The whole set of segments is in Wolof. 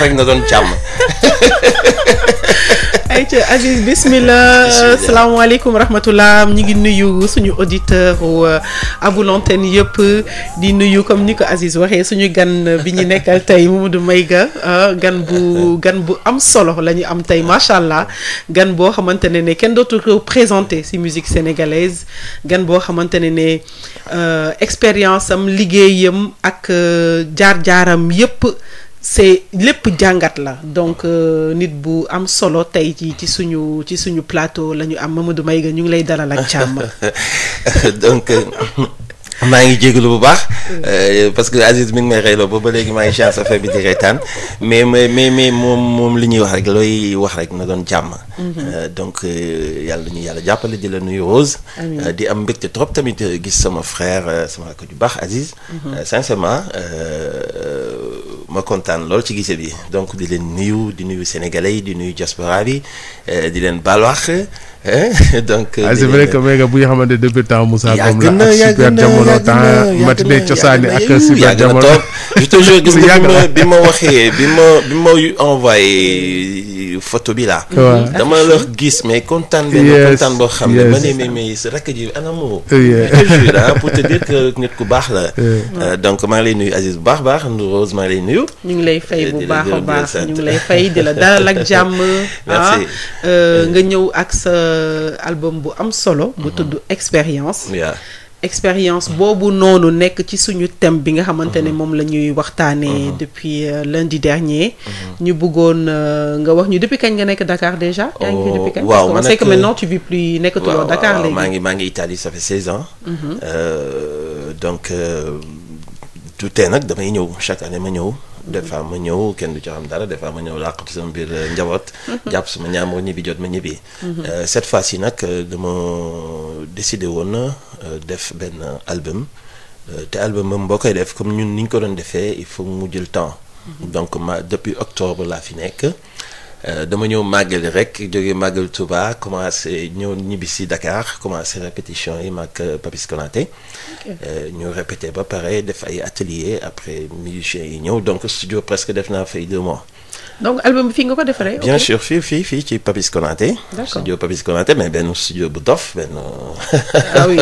rek nga doon càmm. ayca Aziz bismillah salaamaaleykum rahmatullah ñi ngi nuyu suñu auditeur euh, abu l'antenne yëpp di nuyu comme ni ko Aziz waxee suñu gan bi ñu nekkal tey Mamadou Maïga euh, gan bu gan bu am solo la ñu am tey macha allah gan boo xamante ne ne kenn dootu ko présenté si musique sénégalaise gan boo xamante ne ne euh, expérience am liggéeyam ak jaar-jaaram yëpp c'est lépp jàngat la donc euh, nit bu am solo tey ci ci suñu ci suñu plateau la ñu am Mamadou Mayga ñu ngi lay dalal ak càmm donc. Euh, maa ngi jégalu bu baax euh, parce que Aziz mi ngi may xëyloo ba ba léegi maa ngi chance affaire bi di reetaan mais mais mais moom moom li ñuy wax rek looy wax rek na doon jàmm. Euh, donc euh, yàlla ñu yàlla jàppale di la nuyu Rose. di am mbégte trop tamit gis sama frère sama ko ju baax Aziz. Mhm. sincèrement ma kontaan lool ci gise bi donc di leen nuyu di nuyu sénégalais yi di nuyu diaspora bi di leen baal donc ah c'est euh, vrai que méga bu ñu xamante depuis temps Moussa Ngom la ak super jamono temps matinée cosaani ak super jamono toog je te jure gis bi ma bi ma waxee bi ma bi ma envoyé photo bi laa dama la gis mais kontaan benn kontaan boo xam ne ma ne mais mais sa rakk ji anamoo pour te dire que nit ku baax la euh, donc maa ngi lay nuyu Aziz bu baax baax Rose maa ngi lay nuyu ñu ngi lay fay bu baax a baax ñu ngi lay fay di la dalal ak jàmm ah, euh, nga ñëw ak sa Euh, album bu am solo. bu mhm. tudd expérience. expérience boobu noonu nekk ci suñu thème bi nga xamante ne mhm. moom la ñuy waxtaanee mhm. depuis euh, lundi dernier. ñu bëggoon euh, nga wax ñu depuis kañ nga nekk dakaar déjà. Oh, waaw man que maintenant tu vis plus nekkatuloo Dakar léegi. maa ngi maa ngi Italie ça fait 16 ans. donc du tee nag damay ñëw chaque année ma ñëw. des fois ma ñëw kenn du ci xam dara des fois ma ñëw làqatu sama biir euh, njaboot. Mhm. jàpp sama ñaamoo ñibbi jot ma ñibbi. Mhm. Euh, cette fois ci nag euh, dama décidé woon na def benn album te album am boo koy def comme ñun ni ko doon defee il faut mu jël temps. Mhm. donc ma depuis octobre laa fi nekk. Euh, dama ñëw màggali rek jóge màggal Touba commencé ñëw ñibbi si Dakar commencé répétition yi mag euh, Papis Konaté euh, ñu répété ba pare def ay atelier après musiciens yi ñëw donc studio presque def naa fay deux mois. donc album bi fii nga ko defaree. bien sûr fii fii fii ci Papis Konaté. studio Papis Konaté mais benn studio bu dof benn. ah oui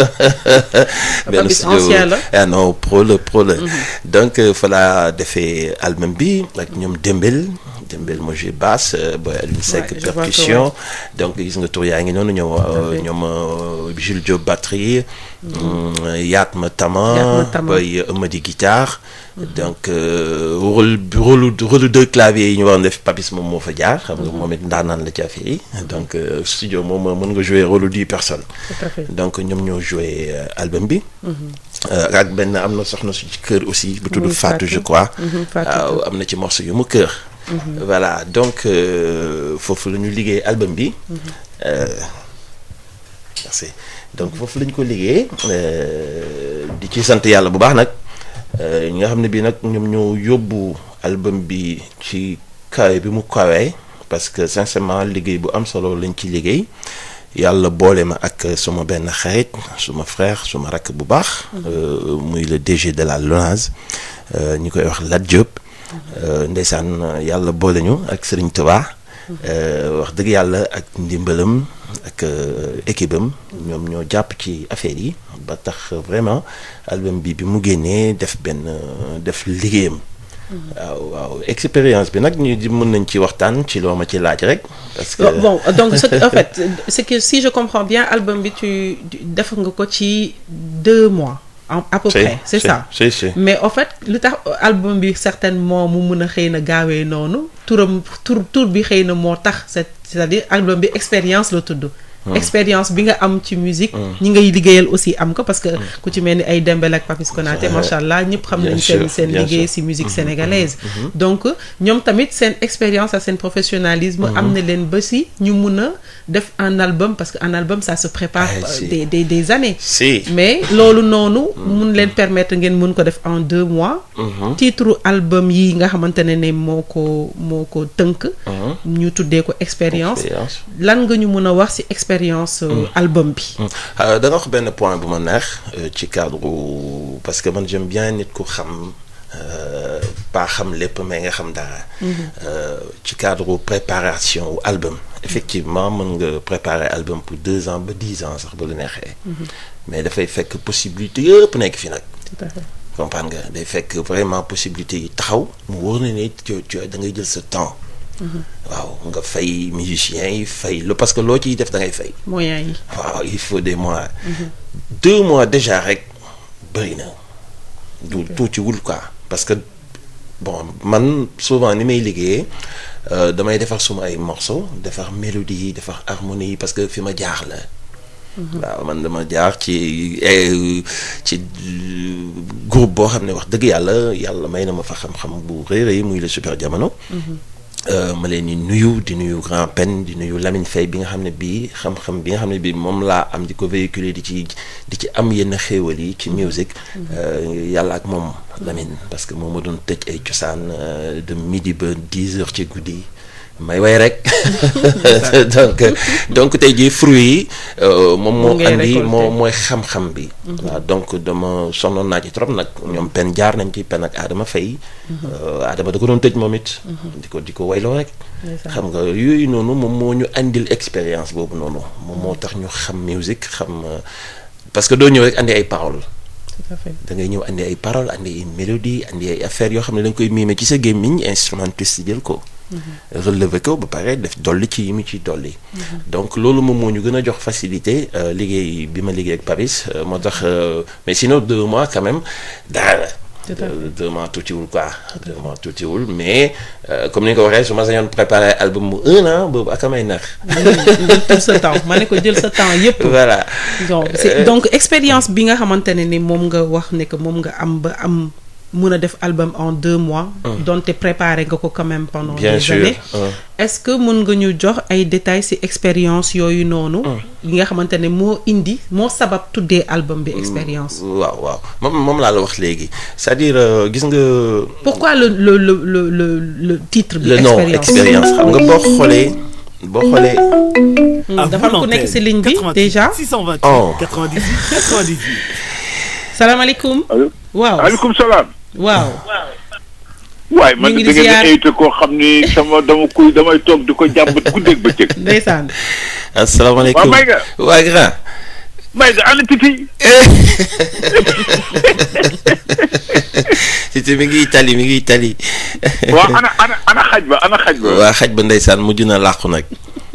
benn studio ah non pro le pro le. Mhm. donc fa laa defee album bi ak ñoom Dembel. Dembel Mojé basse euh, Boy Alioune Seck percussion donc gis nga tur yaa ngi noonu ñoom ñoom Jules Diop batterie mm. euh, Yatma Tama Boy Amady euh, guitare mm-hmm. donc rôle rôle rôle de clavier yi ñu waroon def Papis moo fa jaar xam mm-hmm. nga moom it ndaanaan la ci affaire yi mën nga jouer rôle dix personnes bi mm-hmm. benn am na soxna su ci kër aussi bu tudd Fatou je crois waaw am na ci morceau yu mu kër Mhm. voilà donc euh, foofu la ñu liggéey album bi. Mhm. Euh, merci donc foofu la ñu ko liggéey euh, di ci sant yàlla bu baax nag ñi nga xam ne bii nag ñoom ñoo yóbbu album bi ci kawe bi mu kawee parce que sincèrement liggéey bu am solo lañ ci liggéey yàlla boole ma ak suma benn xarit suma frère suma rakk bu baax. Mhm. muy le DG de la LONASE ñu koy wax Lat Diop. Euh, ndeysaan yàlla boole ak Serigne Touba. Euh, wax dëgg yàlla ak ndimbalam ak euh, équipe am ñoom ñoo jàpp ci affaire yi ba tax vraiment album bi bi mu génnee def benn def liggéeyam. waaw waaw expérience bi nag ñu di mën nañ ci waxtaan ci loo ma ci laaj rek. parce que bon donc ce en fait c'est que si je comprends bien album bi tu def nga ko ci deux mois. en à peu près c'est ça mais en fait lu tax album bi certainement mu mun a xëy na gaawee noonu turam tur tur bi xëy na moo tax c'est c'est-à-dire album bi expérience la tudd Hmm. expérience bi nga am ci musique hmm. ñi ngay liggéeyal aussi am ko parce que hmm. ku ci mel ni ay Dembel ak Papis Konaté macha allah ñëpp xam nañ seen liggéey si musique sénégalaise donc ñoom tamit seen expérience ak seen professionnalisme am na leen ba si ñu mun a def un album parce que un album ça se prépare ah, des des des années mais loolu noonu mun leen permettre ngeen mun ko def en deux mois titre album yi nga xamante ne ne moo ko moo ko tënk ñu tuddee ko expérience expérience. Euh, mm. album bi. Mm. Euh, da nga wax benn point bu ma neex euh, ci cadre parce que man j'aime bien nit ku xam. pas xam lépp mais nga xam dara. Mm-hmm. ci cadre préparation wu album. effectivement mën nga préparer album pour deux ans ba dix ans sax ba la neexee. Mm-hmm. mais dafay fekk possibilité yëpp nekk fi nag. tout nga day fekk vraiment possibilité yi taxaw. mu wóor na ni da ngay jël sa temps. waaw nga fay musiciens yi fay la parce que loo ciy def da ngay fay. moyens yi. waaw il faut des mois deux mois déjà rek bëri du tuutiwul quoi parce que bon man souvent ni may liggéeye euh, damay defar suma ay morceaux defar mélodie yi defar harmonie yi parce que fi ma jaar la. Mhm. waaw man dama jaar ci eh, ci groupe boo xam ne wax dëgg yàlla yàlla may na ma fa xam-xam bu rëy rëy muy le super jamono. Mhm. Euh, ma leen di nuyu di nuyu Grand Pen di nuyu Lamine Faye bi nga xam ne bii xam-xam bi nga xam ne bii moom laa am di ko véhiculer di ci di ci am yenn xéewal yi ci musique euh, yàlla ak moom Lamine parce que moom ma doon tëj ay cosaan euh, de midi ba dix heures ci guddi may way rek donc donc tey jii fruit yi euh, moom moo andi moo mooy xam-xam bi mhm. waaw donc dama sonnoon naa ci trop nag ñoom pen jaar nañ ci pen ak Adama Faye mhm. euh, Adama da ko doon tëj moom it mhm. di ko di ko wayloo rek xam nga yooyu noonu moom moo ñu indil expérience boobu noonu moom moo tax ñu xam musique xam euh, parce que doo ñëw rek andi ay paroles da ngay ñëw andi ay paroles andi ay mélodie andi ay affaire yoo xam ne dañ koy miime ci sa gémmiñ instrumentiste jël ko Mm-hmm. relever ko ba pare def dolli ci yi mu ci dolli. Mm-hmm. donc loolu moom moo ñu gën a jox facilité euh, liggéey bi ma liggéey ak Paris euh, moo tax euh, mais sinon deux mois quand même daara. deux mois tuutiwul quoi deux mois mais comme ni ko waxee su ma sañoon mm-hmm. jël sa temps ma ne ko jël sa temps yëpp. voilà donc expérience bi nga xamante ne ni moom nga wax ne que moom nga am ba am. mën a def album en deux mois. Ah. donte préparé nga ko quand même pendant. Bien des sûr. années ah. est-ce que mën nga ñu jox ay détails ci expérience yooyu noonu. Ah. yi nga xamante ne moo indi moo sabab tuddee album bi mm. expérience. waaw waaw moom moom laa la wax léegi c'est-à-dire euh, gis nga. pourquoi le le le le le, le titre. bi expérience xam nga boo xoolee. boo xoolee. Mm, dafa am ku nekk ci ligne bi déjà. 628 98 waaw waaw. waaye man da ngeen di invité koo xam ni sama dama kuy damay toog di ko jàmbat guddeeg bëccëg. ndeysaan. asalaamaaleykum waaw Mayga. waaw grand. Mayga ana Titi. Titi mi ngi Italie mi ngi Italie. waaw ana ana ana xaj ba ana xaj ba. waaw xaj ndeysaan mujj na làqu nag.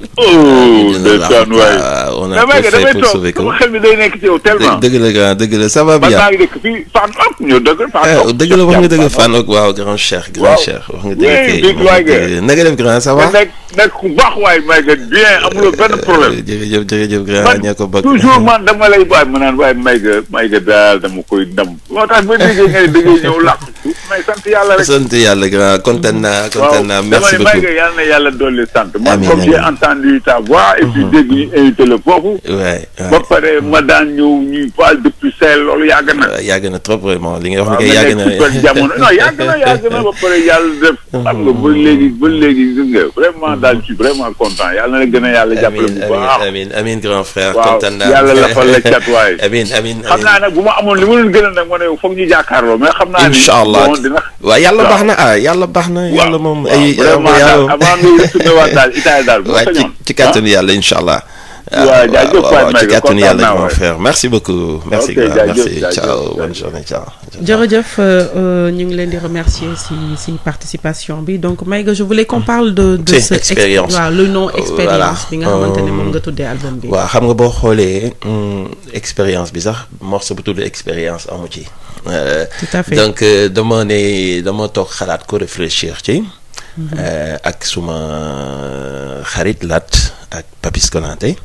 Oh, ah, ndeysaan waay ah, on a tout fait pour sauver ko xel mi day nekk ci yow tellement dëgg la grand dëgg la ça va bien maa ngi dëkk fii Fann ok ñu dëgg eh, dëgg la wax nga dëgg Fann ok waaw grand cher grand cher wax nga dëgg kay na nga def grand ça va nekk ku baax waaye Mayga bien amuloo benn problème. jërëjëf jërëjëf grand ko bëgg toujours man dama lay bàyyi ma naan waaye Mayga Mayga daal dama koy ndam. moo tax ba déggee nga ne déggee ñëw làqu. may sant yàlla rek sant yàlla grand kontaan naa kontaan naa. merci beaucoup waaw dama ne Mayga yàlla na yàlla dolli sant. man comme j'ai entendu ta voix. et puis mhm. dégg ñu invité la foofu. waay ba pare ma daan ñëw ñuy paal depuis Seyl loolu yàgg na. yàgg na trop vraiment li nga wax ni kay yàgg na. waaw nga nekk jamono non yàgg na yàgg na ba pare yàlla def. xam nga ba léegi ba léegi gis nga vraiment daal ci vraiment content yàlla na gën a yàlla jàppale bu baax amiin amiin grand frère kontaan naa yàlla lafal la cat waay amiin amiin xam naa nag bu ma amoon li ma doon gën a nag ma ne foog ñu jàkkaarloo mais xam naa ni incha allah waaw yàlla baax na ah yàlla baax na yàlla moom ay vraiment daal avant ngay retourné waat daal Italie daal bu ci kàttanu ah. yàlla incha allah waaw ah, jaajëf Fatou Mbengue ci kàttanu yàlla ñu faire merci beaucoup. merci ok merci ciao bonne journée ciao. jërëjëf euh, euh, ñu ngi leen di remercier si si participation bi donc may je voulais qu'on de. de cette expérience waaw le nom euh, expérience. bi nga ne moom nga tuddee album bi. waaw xam nga boo xoolee hmm, expérience bi sax morceau bu tudd expérience amu ci. tout à fait donc dama ne dama toog xalaat ko réfléchir ci. Mhm. ak suma xarit laat. ak Papis Konaté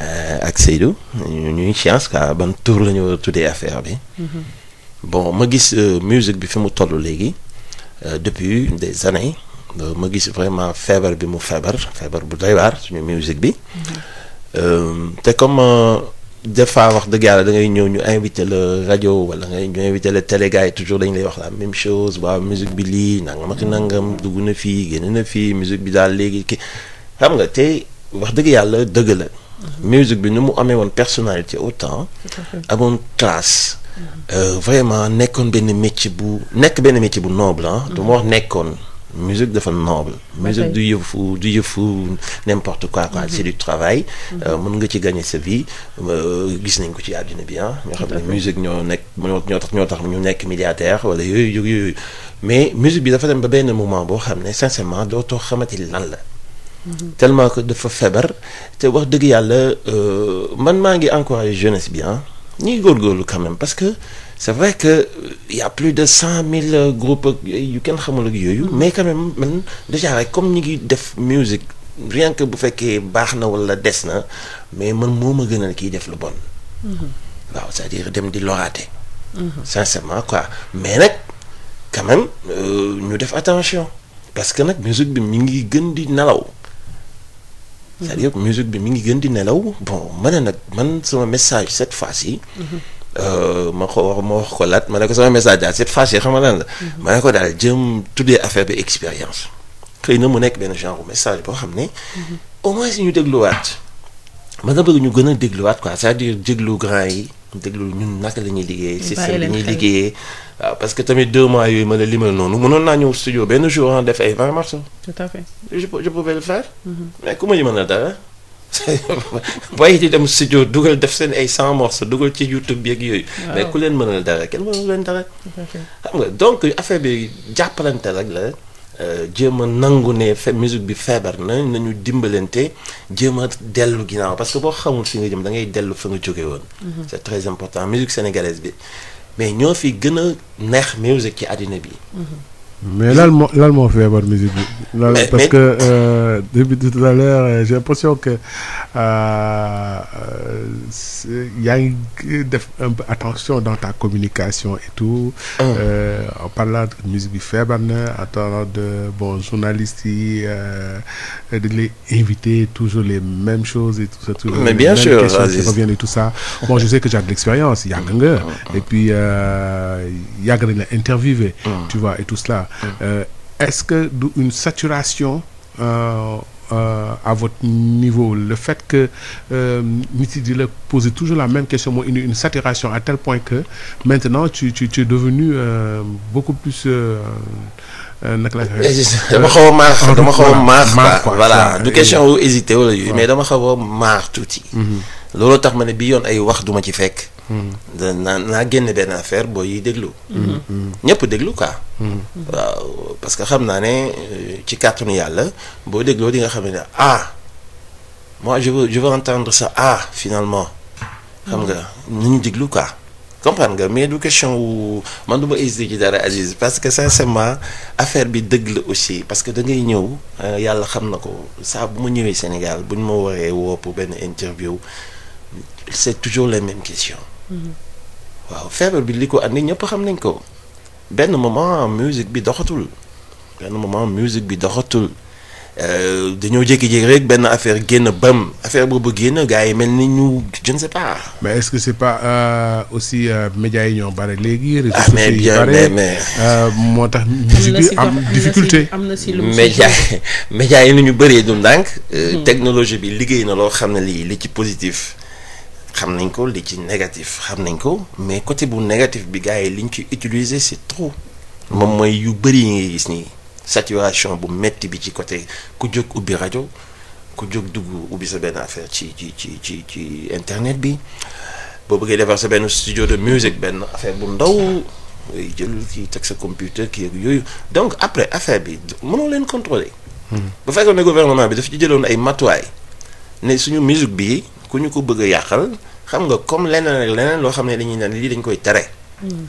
euh, ak Seydou ñuy chance quoi ban tour la ñu war a tuddee affaire bi bon ma gis euh, musique bi fi mu toll léegi euh, depuis des années ma gis vraiment feebar bi mu feebar feebar bu doy waar suñu musique bi te comme des fois wax dëgg yàlla da ngay ñëw ñu invité le rajo wala ngay ñu invité le télé toujours dañ lay wax la même chose waaw musique bi lii nangam ak nangam dugg na fii génn na fii musique bi daal léegi xam nga tey wax dëgg yàlla dëgg la. musique bi nu mu amee woon personnalité autant. amoon classe. Mm-hmm. Euh, vraiment nekkoon benn métier bu nekk benn métier bu noble ah. du ma wax nekkoon. musique dafa noble musique du yëfu du yëfu n'importe quoi quoi mm-hmm. c'est du travail mm-hmm. euh, mën nga ci gagner sa vie euh, gis nañ ko ci àddina bi ah ñoo xam ne musique ñoo nekk ñoo tax ñoo tax ñu nekk milliardaire wala yooyu yooyu mais musique bi dafa dem ba benn moment boo xam ne sincèrement dootoo xamati lan la tellement que dafa feebar te wax dëgg yàlla euh, man maa ngi encouragé jeunesse bi ah ñuy góorgóorlu quand même parce que c'est vrai que euh, y plus de cent mille groupes ak yu kenn xamul yooyu mm-hmm. mais quand même man déjà rek comme ñi ngi def musique rien que bu fekkee baax na wala des na mais man moo ma gënal kiy def lu bon mm-hmm. waaw c'est-à-dire dem di loraate mm-hmm. sincèrement quoi mais nag quand même euh, ñu def attention parce que nag musique bi mi ngi gën di nelaw cest dire que bi mi ngi gën di nelaw bon ma ne nag man sama message cette fois-ci. Euh, ma ko wax ma wax ko laat ma ne ko sama message daal cette fois-ci xam la. ma ne ko daal jëm tuddee affaire bi expérience. xëy na mu nekk benn genre message boo xam ne. au moins ñu dégluwaat. ma nga bëgg ñu gën a dégluwaat quoi sa à dire déglu grand yi. déglu ñun naka la ñuy liggéeyee. système bi ñuy liggéeyee. waaw parce que tamit deux mois yooyu ma la limal noonu mënoon naa ñëw studio benn jour ah def ay vingt morceaux. Mm-hmm. mais ku ma mën a dara. booy di dem studio dugal def seen ay cent morceaux dugal ci YouTube bi yooyu. mais ku leen mënal dara kenn mënul leen dara. xam nga donc affaire bi jàppalante rek la. jéem a nangu ne fe musique bi feebar na nañu dimbalante jéem a dellu ginnaaw parce que boo xamul fi nga jëm da ngay dellu fa nga jóge woon. Mhm. c'est très important musique sénégalaise bi mais ñoo fi gën a neex musique ci àddina bi. Mhm. mais lan moo lan moo feebar musique bi. lan parce que euh, depuis tout à l'heure euh, j'ai l'impression que euh, yaa ngi def un peu attention dans ta communication et tout. Oh. Euh, parlant de musique bi feebar na en parlant de bon journalistes yi euh, dañ lay inviter toujours les mêmes choses et tout ça. Tout, mais bien sûr Aziz revient et tout ça. bon je sais que j'ai de l'expérience yàgg nga. Ah, ah. et puis yàgg nañ la interviewer. tout cela. Euh, est-ce que du une saturation euh, euh, à votre niveau le fait que euh, nit yi di la poser toujours la même question mooy une une saturation à tel point que maintenant tu tu tu es devenu euh, beaucoup plus naka la dama xaw a maax ah, dama xaw a maax voilà du question mais dama xaw a maax tuuti. Mhm. looloo tax ma ne bi yoon ay wax duma ci fekk. naa naa génn benn affaire boo yiy déglu. ñëpp déglu quoi. waaw parce que xam naa ne euh, ci kàttanu yàlla boo dégloo di nga xam ne ah moi je veux je veux entendre ça ah finalement. xam nga nu ñu déglu quoi. comprendre nga mais du question wu man du ma hésité ci dara Aziz parce que sincèrement affaire bi dëgg la aussi parce que da ngay ñëw euh, yàlla xam na ko saa bu ma ñëwee Sénégal bu ñu ma waree woo benn interview c'est toujours les mêmes questions. waaw feebar bi li ko andi ñëpp xam nañ ko benn moment musique bi doxatul benn moment musique bi doxatul euh, dañoo jékki-jékki rek benn affaire génn bam affaire boobu génn gars yi mel ni ñu je ne pas. mais est-ce que euh, aussi euh, médias yi ñoo bare léegi. réseaux ah, sociaux yi bare mais mais moo tax. am difficulté am na si lu médias médias yi nu ñu bëree du ndànk. Hmm. technologie bi liggéey na loo xam ne lii li ci positif. xam nañ ko li ci négatif xam nañ ko mais côté bu négatif bi gars yi liñ ci utiliser c'est trop moom mooy yu bëri yi ngay gis nii saturation bu metti bi ci côté ku jóg ubbi rajo ku jóg dugg ubbi sa benn affaire ci ci ci ci ci internet bi boo bëggee defar sa benn studio de musique benn affaire bu ndaw jël kii teg sa computer kii yooyu donc après affaire bi mënoo leen ba hmm. bu fekkoon ne gouvernement bi daf ci jëloon ay matuwaay ne suñu musique bi ku ñu ko bëgg a yàqal xam nga comme leneen ak loo xam ne dañuy naan lii dañ koy tere. Hmm.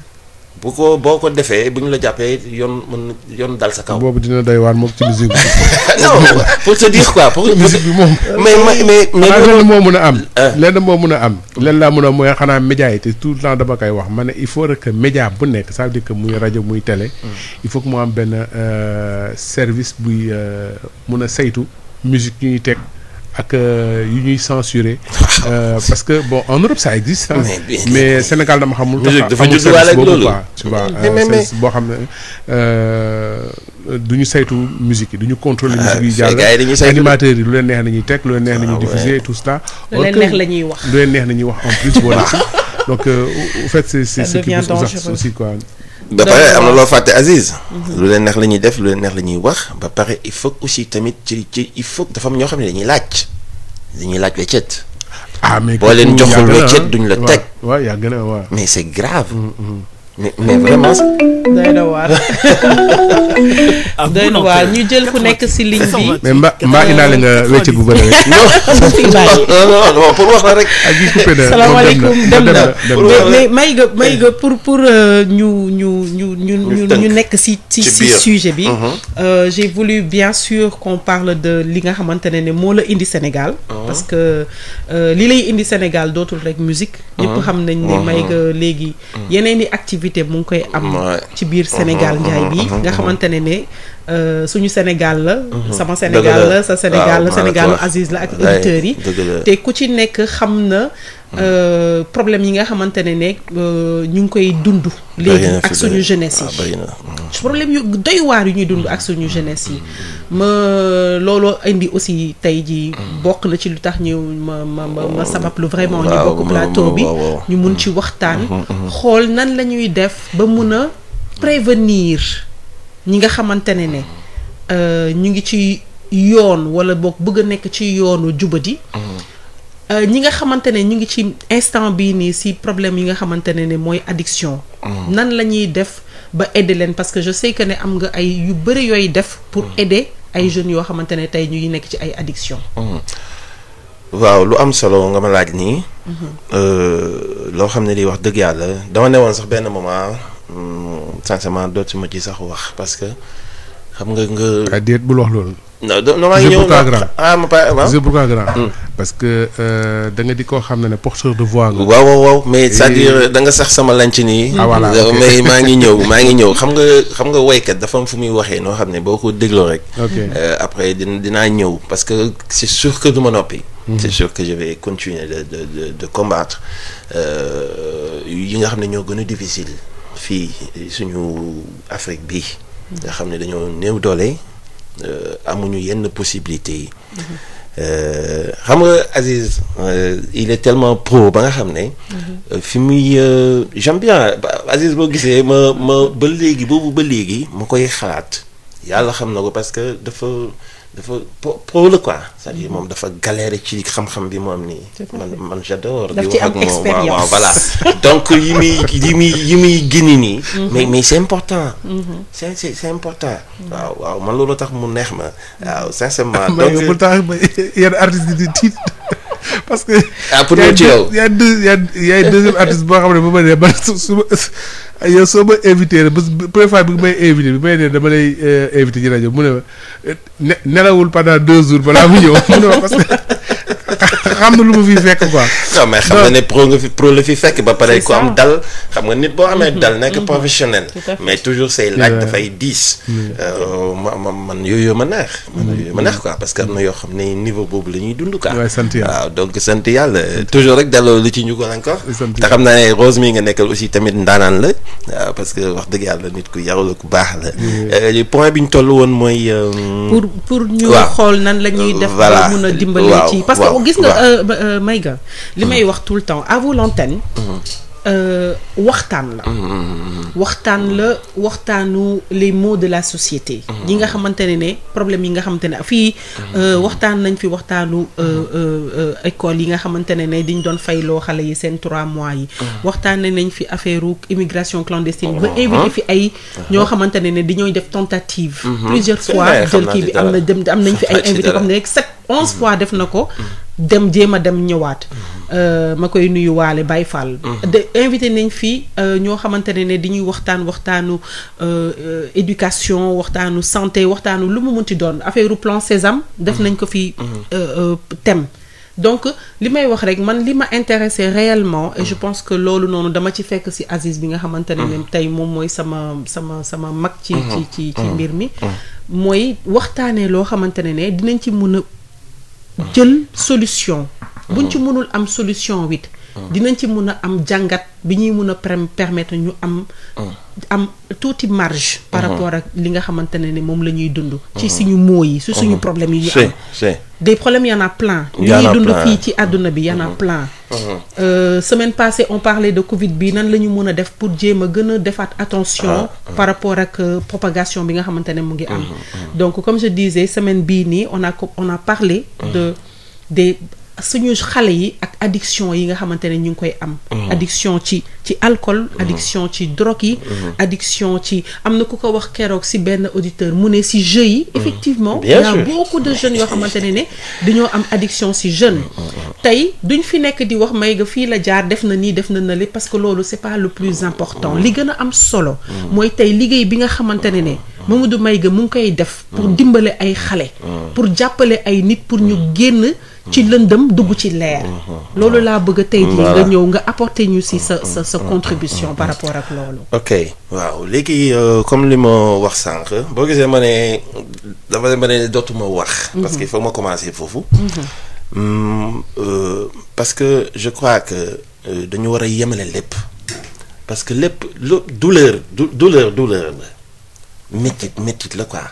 bu ko boo ko defee bu ñu la jàppee yoon mën yoon dal sa kaw. boobu dina doy waar moom ci musique bi. non pour te dire quoi bi moom. mais mais mais ah. lenn moo mën a am. lenn moo mun a am. lenn laa mën a mooy xanaa média yi te tout le temps dama koy wax ma ne il faut que média bu nekk ça veut dire que muy rajo muy tele hmm. il faut que am benn euh, service buy euh, mën a saytu musique ñuy teg. ak euh, yu ñuy censuré euh, parce que bon en Europe ça existe mais Sénégal dama xamul dafa judduwaale ak loolu tu vois euh, boo xam ne du ñu saytu musique yi du ñu contrôler ah, musique yi jàll animateurs yi lu leen neex nañuy teg lu leen neex nañuy ah, diffuser tout ça lu leen neex la ñuy wax lu leen neex nañuy wax en plus voilà donc en fait c'est ce qui vous aussi quoi ba pare am na loo fàtte Aziz. Mhm. lu leen neex la ñuy def lu leen neex la ñuy wax ba pare il faut aussi tamit ci ci il faut dafa ñoo xam ne dañuy laaj dañuy laaj weccet. ah mais boo leen jox weccet duñ la ah. teg. waaw yàgg na waaw mais c'est grave. Mm, mm. mais vraiment. doy na waar doy na waar ñu jël ku nekk si ligne bi. mais mba mbaa indaale nga euh, wécc gu bëri rek. non non pour wax la rek. ak yi coupé na salaamaaleykum dem na mais may nga may nga pour pour euh, ñu ñu ñu ñu ñu nekk si ci si sujet bi. Mm-hmm. Euh, j'ai voulu bien sûr qu'on parle de li nga xamante ne ne moo la indi Sénégal. Oh. parce que li lay indi Sénégal dootul rek musique. Mm-hmm. ñëpp xam nañ ne mm-hmm. may nga léegi yeneen i activités. activité mu ngi koy am ci biir Sénégal uh-huh, njaay bi uh-huh, nga uh-huh. xamante ne ne Euh, suñu Sénégal la. Mhm. sama Sénégal la sa Sénégal la ah, Sénégalu Aziz la ak auditeurs yi. te ku ci nekk xam na. Mhm. Euh, problème yi nga xamante ne ne euh, ñu ngi koy dund. léegi ak suñu jeunesse yi. Ah, mhm. problème yu doy yu ñuy dund ak suñu jeunesse yi. ma looloo indi aussi tey ji bokk na ci lu tax ñu ma ma ma oh. sabab lu vraiment ñu bokk plateau bi ñu mun ci waxtaan. xool nan la ñuy def ba mun a prévenir. ñi nga xamante ne ne euh, ñu ngi ci yoon wala boog bëgg a nekk ci yoonu juba jubadi euh, ñi nga xamante ne ñu ngi ci instant bii nii si problème yi nga xamante ne ne mooy addiction mm. nan la ñuy def ba aider leen parce que je sais que ne am nga ay yu bëri yooyu def pour mm. aider ay mm. jeunes yoo xamante ne tey ñuy nekk ci ay addiction waaw lu am solo nga ma laaj nii mm-hmm. euh, loo xam ne di wax dëgg yàlla dama ne woon sax benn moment Hmm, sincèrement dootuma ci sax wax parce que xam nga nga. ah déet bul wax loolu. non maa ngi ñëw ah hmm. parce que euh, da di koo xam ne ne porteur de voix nga. waaw waaw euh, da nga sax sama lanc nii. Ah, euh, maa ngi ñëw maa ngi ñëw xam nga xam nga woykat dafa am muy waxee noo xam ne boo ko dégloo rek. ok après dina dinaa ñëw parce que c'est sûr que du ma noppi. Hmm. c'est sûr que je vais continuer de combattre yi nga xam ne ñoo gën a difficile. fii suñu Afrique bi nga xam ne dañoo néew doole euh, amuñu yenn possibilité yi mm-hmm. euh, xam nga Aziz euh, il est tellement pro ba nga xam ne mm-hmm. fi muy j'aime bien boo gisee ma ma ba léegi boobu ba léegi ma koy xalaat yàlla xam na ko parce que dafa dafa po la quoi c'est-à-dire moom dafa galéré ci xam-xam bi mu am nii. man man j'adore di wax ak moom waaw waaw voilà. donc yi muy yi muy yi muy génn nii. Mm-hmm. mais mais c'est important. Mm-hmm. c'est c'est c'est important. waaw waaw man loolu tax mu neex ma. Mm-hmm. waaw sincèrement donc yéen artistes yi di tiit. parce que. ah pour ñëw ci yow y' a deux y' a y' boo xam ne bu ma ne man su su ma yow soo ba invité la ba première fois bi may invité bi may nee dama lay euh, invité ci rajo mu ne ma euh, nelawul pendant deux jours balaa mu ñëw mu ne xam na lu fi fekk quoi. xam nga ne pro nga fi pro la fi fekk ba pare ku am dal xam nga nit boo amee dal mm-hmm. nekk mm-hmm. professionnel. mais toujours say laaj dafay diis. Euh, ma ma man yooyu ma neex. man yooyu ma neex quoi parce que am na yoo xam ne niveau boobu la ñuy dund ko waaw sant yàlla donc sant yàlla toujours rek delloo lu ci ñu ko encore. te xam naa ne Rose mi nga nekkal aussi tamit ndaanaan la waaw parce que wax dëgg yàlla nit ku yaru la ku baax la. Euh, point bi ñu toll woon mooy. Euh, pour pour ñu xool nan la def. voilà waaw gis nga euh, euh, Maïga li may wax tout le temps à vous mhm. euh, waxtaan la mhm, mhm, waxtaan la waxtaanu les maux de la société yi nga xamante ne ne problème yi nga xamante ne fii waxtaan nañ fi waxtaanu école yi nga xamante ne ne ñu doon fay loo xale yi seen trois mois yi waxtaan nañ fi affaire immigration clandestine oh. ba invité fi ay uh-huh. ñoo xamante ne ne di ñooy def tentative plusieurs fois jël kii bi am nañ fi ay invité ko xam ne fois def na ko dem jéem a dem ñëwaat. Euh, ma koy nuyu waale Baye Fall. Mhm. de invité nañ fii euh, ñoo xamante ne ne di ñuy waxtaan waxtaanu euh, éducation waxtaanu santé waxtaanu lu mu ti doon affaire plan Sésame. def mhm. nañ ko fi mhm. thème. donc li may wax rek man li ma intéressé réellement je pense que loolu noonu dama ci fekk si Aziz bi nga xamante ne tey moom mooy sama sama sama mag ci ci ci mbir mi mooy waxtaanee loo xamante ne dinañ ci mun jël solution. buñ ci mënul am solution wit dinañ ci mun a am jàngat bi ñuy mun a permettre ñu am. am tuuti marge. par uh-huh. rapport ak li nga xamante ne ni moom la ñuy dund. ci uh-huh. suñu moo yi su suñu uh-huh. problème yi ñu am. des problèmes y en a plein. y en ci àdduna bi y en Euh, euh, semaine passé on parlait de Covid bi nan la ñu mën a def pour jéem a gën a defaat attention. Ah, ah. par rapport ak euh, propagation bi nga xamante ne mu ngi am. Ah, donc comme je dise semaine bii nii on a on a parlé de des. suñu xale yi ak addiction yi nga xamante ne ñu ngi koy am. Mm-hmm. addiction ci ci alcool. Mm-hmm. addiction ci drogue yi. Mm-hmm. addiction ci am na ku ko wax keroog si benn auditeur mu ne si jeux yi. effectivement il y a de jeune yoo xamante ne ne dañoo am addiction si jeune. tey duñ fi nekk di wax may nga fii la jaar def na nii def na na li parce que loolu c'est pas le plus important li gën a am solo. mooy tey liggéey bi nga xamante ne ne. may Maïga mu ngi koy def. pour dimbale ay xale. ay nit pour ñu génn. ci lëndëm dugg ci leer. Uh-huh. loolu laa bëgg tey jii nga ñëw nga apporter ñu si sa sa sa uh-huh. contribution par uh-huh. rapport ak loolu. ok waaw léegi euh, comme li ma wax sànq boo gisee ma ne dafa ma ne dootuma wax. Mhm. parce que il faut ma commencer foofu. Mhm. Mm, euh, parce que je crois que euh, dañu war a yemale lépp parce que lépp lu douleur douleur douleur la métit métit la quoi.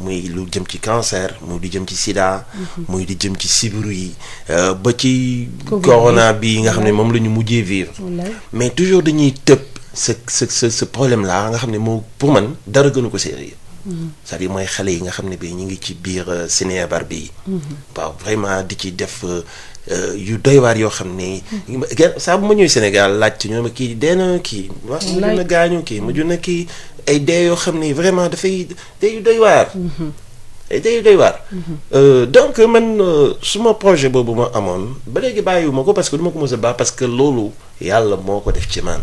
muy lu jëm ci cancer muy di jëm ci sida muy di jëm ci sibiru yi euh, ba ci corona bi nga xam ne moom lañu ñu mujjee vivre mais toujours dañuy tëb ce ce ce problème là nga xam ne moo pour man dara gënu ko sérieux mm-hmm. cest à mooy xale yi nga xam ne bi ñu ngi ci biir euh, cinébar bi mm-hmm. waaw vraiment di ci def euh, yu doy waar yoo xam ne. Mm-hmm. saa bu ma ñëw Sénégal laaj ci ñoom kii dee na kii. wallaay mujj na na kii ay dee yoo xam ni vraiment dafay dee yu doy waar. Mhm. ay dee yu mhm. euh, donc man euh, suma projet boobu ma amoon ba léegi bàyyiwuma ko parce que du ko mos a baax parce que loolu yàlla moo ko def ci man.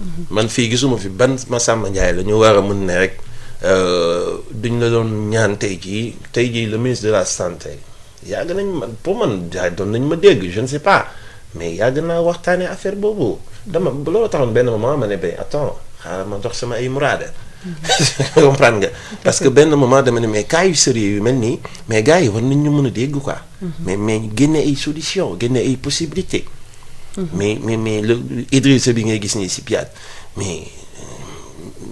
Mhm. man fii gisuma fi ban Massamba Ndiaye la ñu war a mën ne rek euh, duñ la doon ñaan tey jii tey jii le ministre de la santé yàgg nañ man pour man jaay doon nañ ma dégg je ne sais pas mais yàgg naa waxtaanee affaire boobu dama loolu taxoon benn moment ma ne bay attends xaaral ma dox sama ay muraada comprendre nga parce que benn moment dama ne mais cas yu sérieux yu mel nii mais gars yi war nañ ñu mën a dégg quoi mhm. mais mais ñu génne ay solution génne ay possibilité mhm. mais mais mais bi ngay gis nii si mais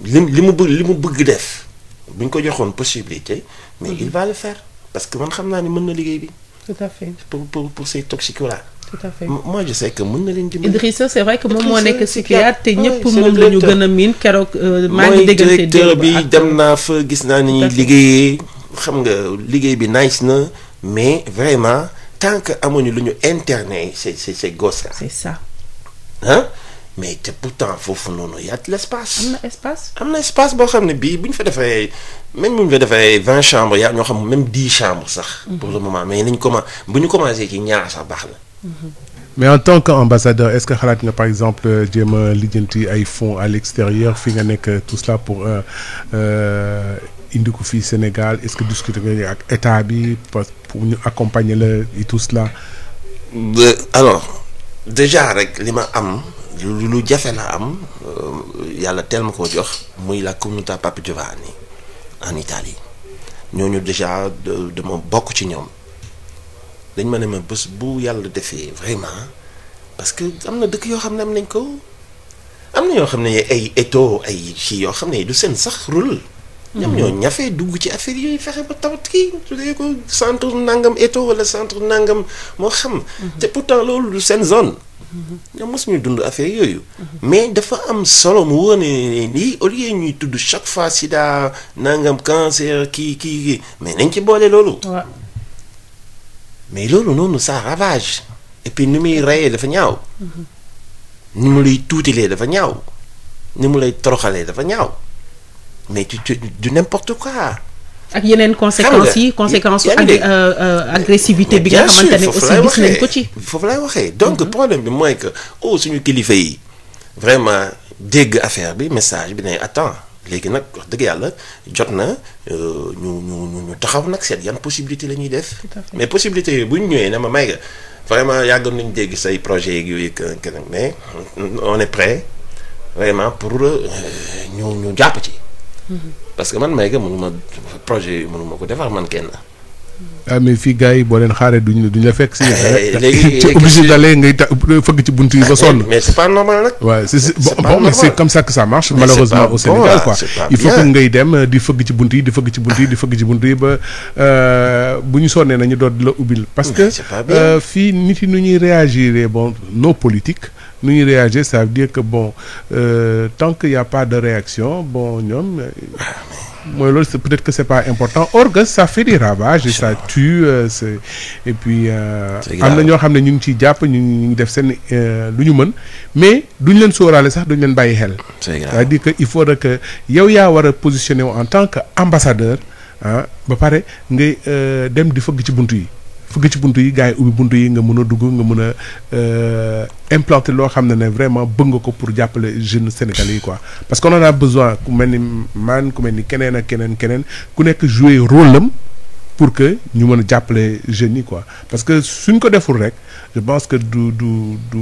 euh, li li mu bëgg li mu bëgg def bu ñu ko joxoon possibilité mais mhm. il va le faire parce que man xam naa ni mën na liggéey bi tout à pour pour pour ces toxiques tout à je sais que mën na leen dimbali. Idrissa c'est vrai que moom moo nekk psychiatre te ñëpp moom la ñu gën a miin keroog. Euh, maa ngi déggante mooy dem naa fa gis naa ni ñuy liggéeyee xam nga liggéey bi nice na mais vraiment tant que amuñu lu ñu internet ces ces ces gosses là. c'est ça. ah mais te pourtant foofu noonu y a l'espace. am na espace am boo xam ne bii bu ñu fa defee même bu ñu fa defee vingt chambres yaa ñoo xam même dix chambres sax. Mhm. pour le moment mais nañ commencé bu ñu commencé ci ñaar sax baax na. mais en tant qu'ambassadeur est-ce que xalaat nga par exemple jéem a lijjanti ay fonds à l'extérieur fii nga nekk euh, tout cela pour euh, euh, indi ko fii Sénégal est-ce que discuter nga ak état bi pour ñu accompagner la et tout cela. alors déjà rek li ma am lu jafe la am yàlla teel ma koo jox muy la communauté Papa Giovanni en Italie ñooñu déjà dama bokk ci ñoom. dañ ma ne ma bés bu yàlla defee vraiment parce que am na dëkk yoo xam ne am nañ ko am na ñoo xam ne ay étau ay ci yoo xam ne du seen sax rôle. ñam ñoo mhm. ñafee dugg ci affaire yooyu fexe ba tawat kii su dee ko centre nangam étau wala centre nangam moo xam. Mhm. te pourtant loolu du seen zone. Mhm. ñoom suñu dund affaire yooyu. mais dafa am solo mu wóor ne nii au lieu ñuy tudd chaque fois sida nangam cancer kii kii mais nañ ci boole loolu. mais loolu noonu ça ravage et puis ni muy reyee dafa ñaaw ni mu tuuti tuutilee dafa ñaaw ni mu lay toroxalee dafa ñaaw mais tu tu du n'importe quoi. ak yeneen conséquences yi conséquences ak euh, euh, agressivité bi nga xamante ne aussi gis nañ ko ci. foofu lay waxee donc mhm. problème bi mooy que oh suñu kilifa yi vraiment dégg affaire bi message bi ne attends léegi nag wax dëgg yàlla jot na euh, ñu ñu ñu taxaw nag seet yan possibilité la ñuy def. mais possibilité yooyu bu ñu ñëwee ne ma may nga vraiment yàggoon nañu dégg say projet yeeg yooyu mais on ne prêt vraiment pour euh, ñu ñu jàpp ci. Mm-hmm. parce que man may nga mënuma projet yi mënuma ko defar man kenn. ah mais fii gars yi boo leen xaaree duñ duñ la fekk si. Eh, eh, ci obligé ngay ta fëgg ci bunt yi ba eh, sonn. mais c'est pas normal nag. waaw c'est bon mais c'est comme ça que ah, il faut que ngay dem euh, di fëgg ci bunt yi di fëgg ci bunt yi di fëgg ci bunt yi ba euh, bu ñu sonnee nañu doon di la ubbil. parce que euh, fii nit yi nu ñuy réagir bon nos politiques. nu ñuy réagir ça veut dire que bon tant qu'il y pas de réaction bon ñoom. Ah, mooy loolu c'est peut-être que c'est pas important or que ça fait des ravages et ça tue euh, c'est et puis euh, am na ñoo xam ne ñu ngi ciy jàpp ñu ñu def seen euh, lu ñu mën mais duñ leen sóoraale sax duñ leen bàyyi xel c'est-à-dire que il faudrait que yow yaa war a positionner wu en tant que ambassadeur ah ba pare ngay dem di fëgg ci bunt yi fëgg ci buntu yi gars yi ubbi buntu yi nga mun a dugg nga mën a euh, implanter loo xam ne ne vraiment bëgg nga ko pour jàppale jeune sénégalais yi quoi parce que on en a besoin ku mel ni man ku mel ni keneen ak keneen keneen ku nekk jouer rôle am pour que ñu mën a jàppale jeunes yi quoi parce que suñ ko deful rek je pense que du du du.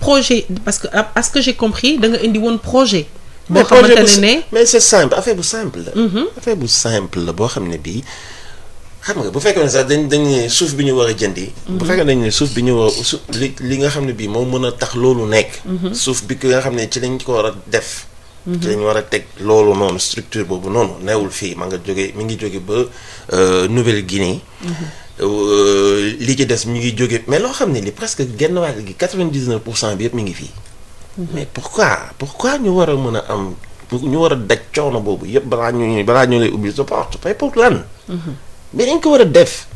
projet parce que à ce que j'ai compris da indi woon projet. boo xamante ne ne mais c'est simple affaire bu simple la. Mhm. affaire bu simple la boo xam ne bii xam nga bu fekkee ne sax dañ dañ ne suuf bi ñu war a jëndi. Mhm. bu fekkee dañ ne suuf bi ñu war su li li nga xam ne bii moo mën a tax loolu nekk. Mhm. suuf bi ki nga xam ne ci lañ ko war a def. ci lañ war a teg loolu noonu structure boobu noonu newul fii ma nga jóge mi ngi jóge ba euh, Nouvelle-Guinée. Euh, euh, li ci des mi ngi jóge mais loo xam ne li presque genn wàll gi quatre-vingt-dix-neuf pour cent bi yëpp mi ngi fii mhm. mais pourquoi pourquoi ñu war a mën a am ñu war a daj coono boobu yëpp balaa ñu balaa ñu lay ubbi sa porte fay pour mhm. dañ ko war a def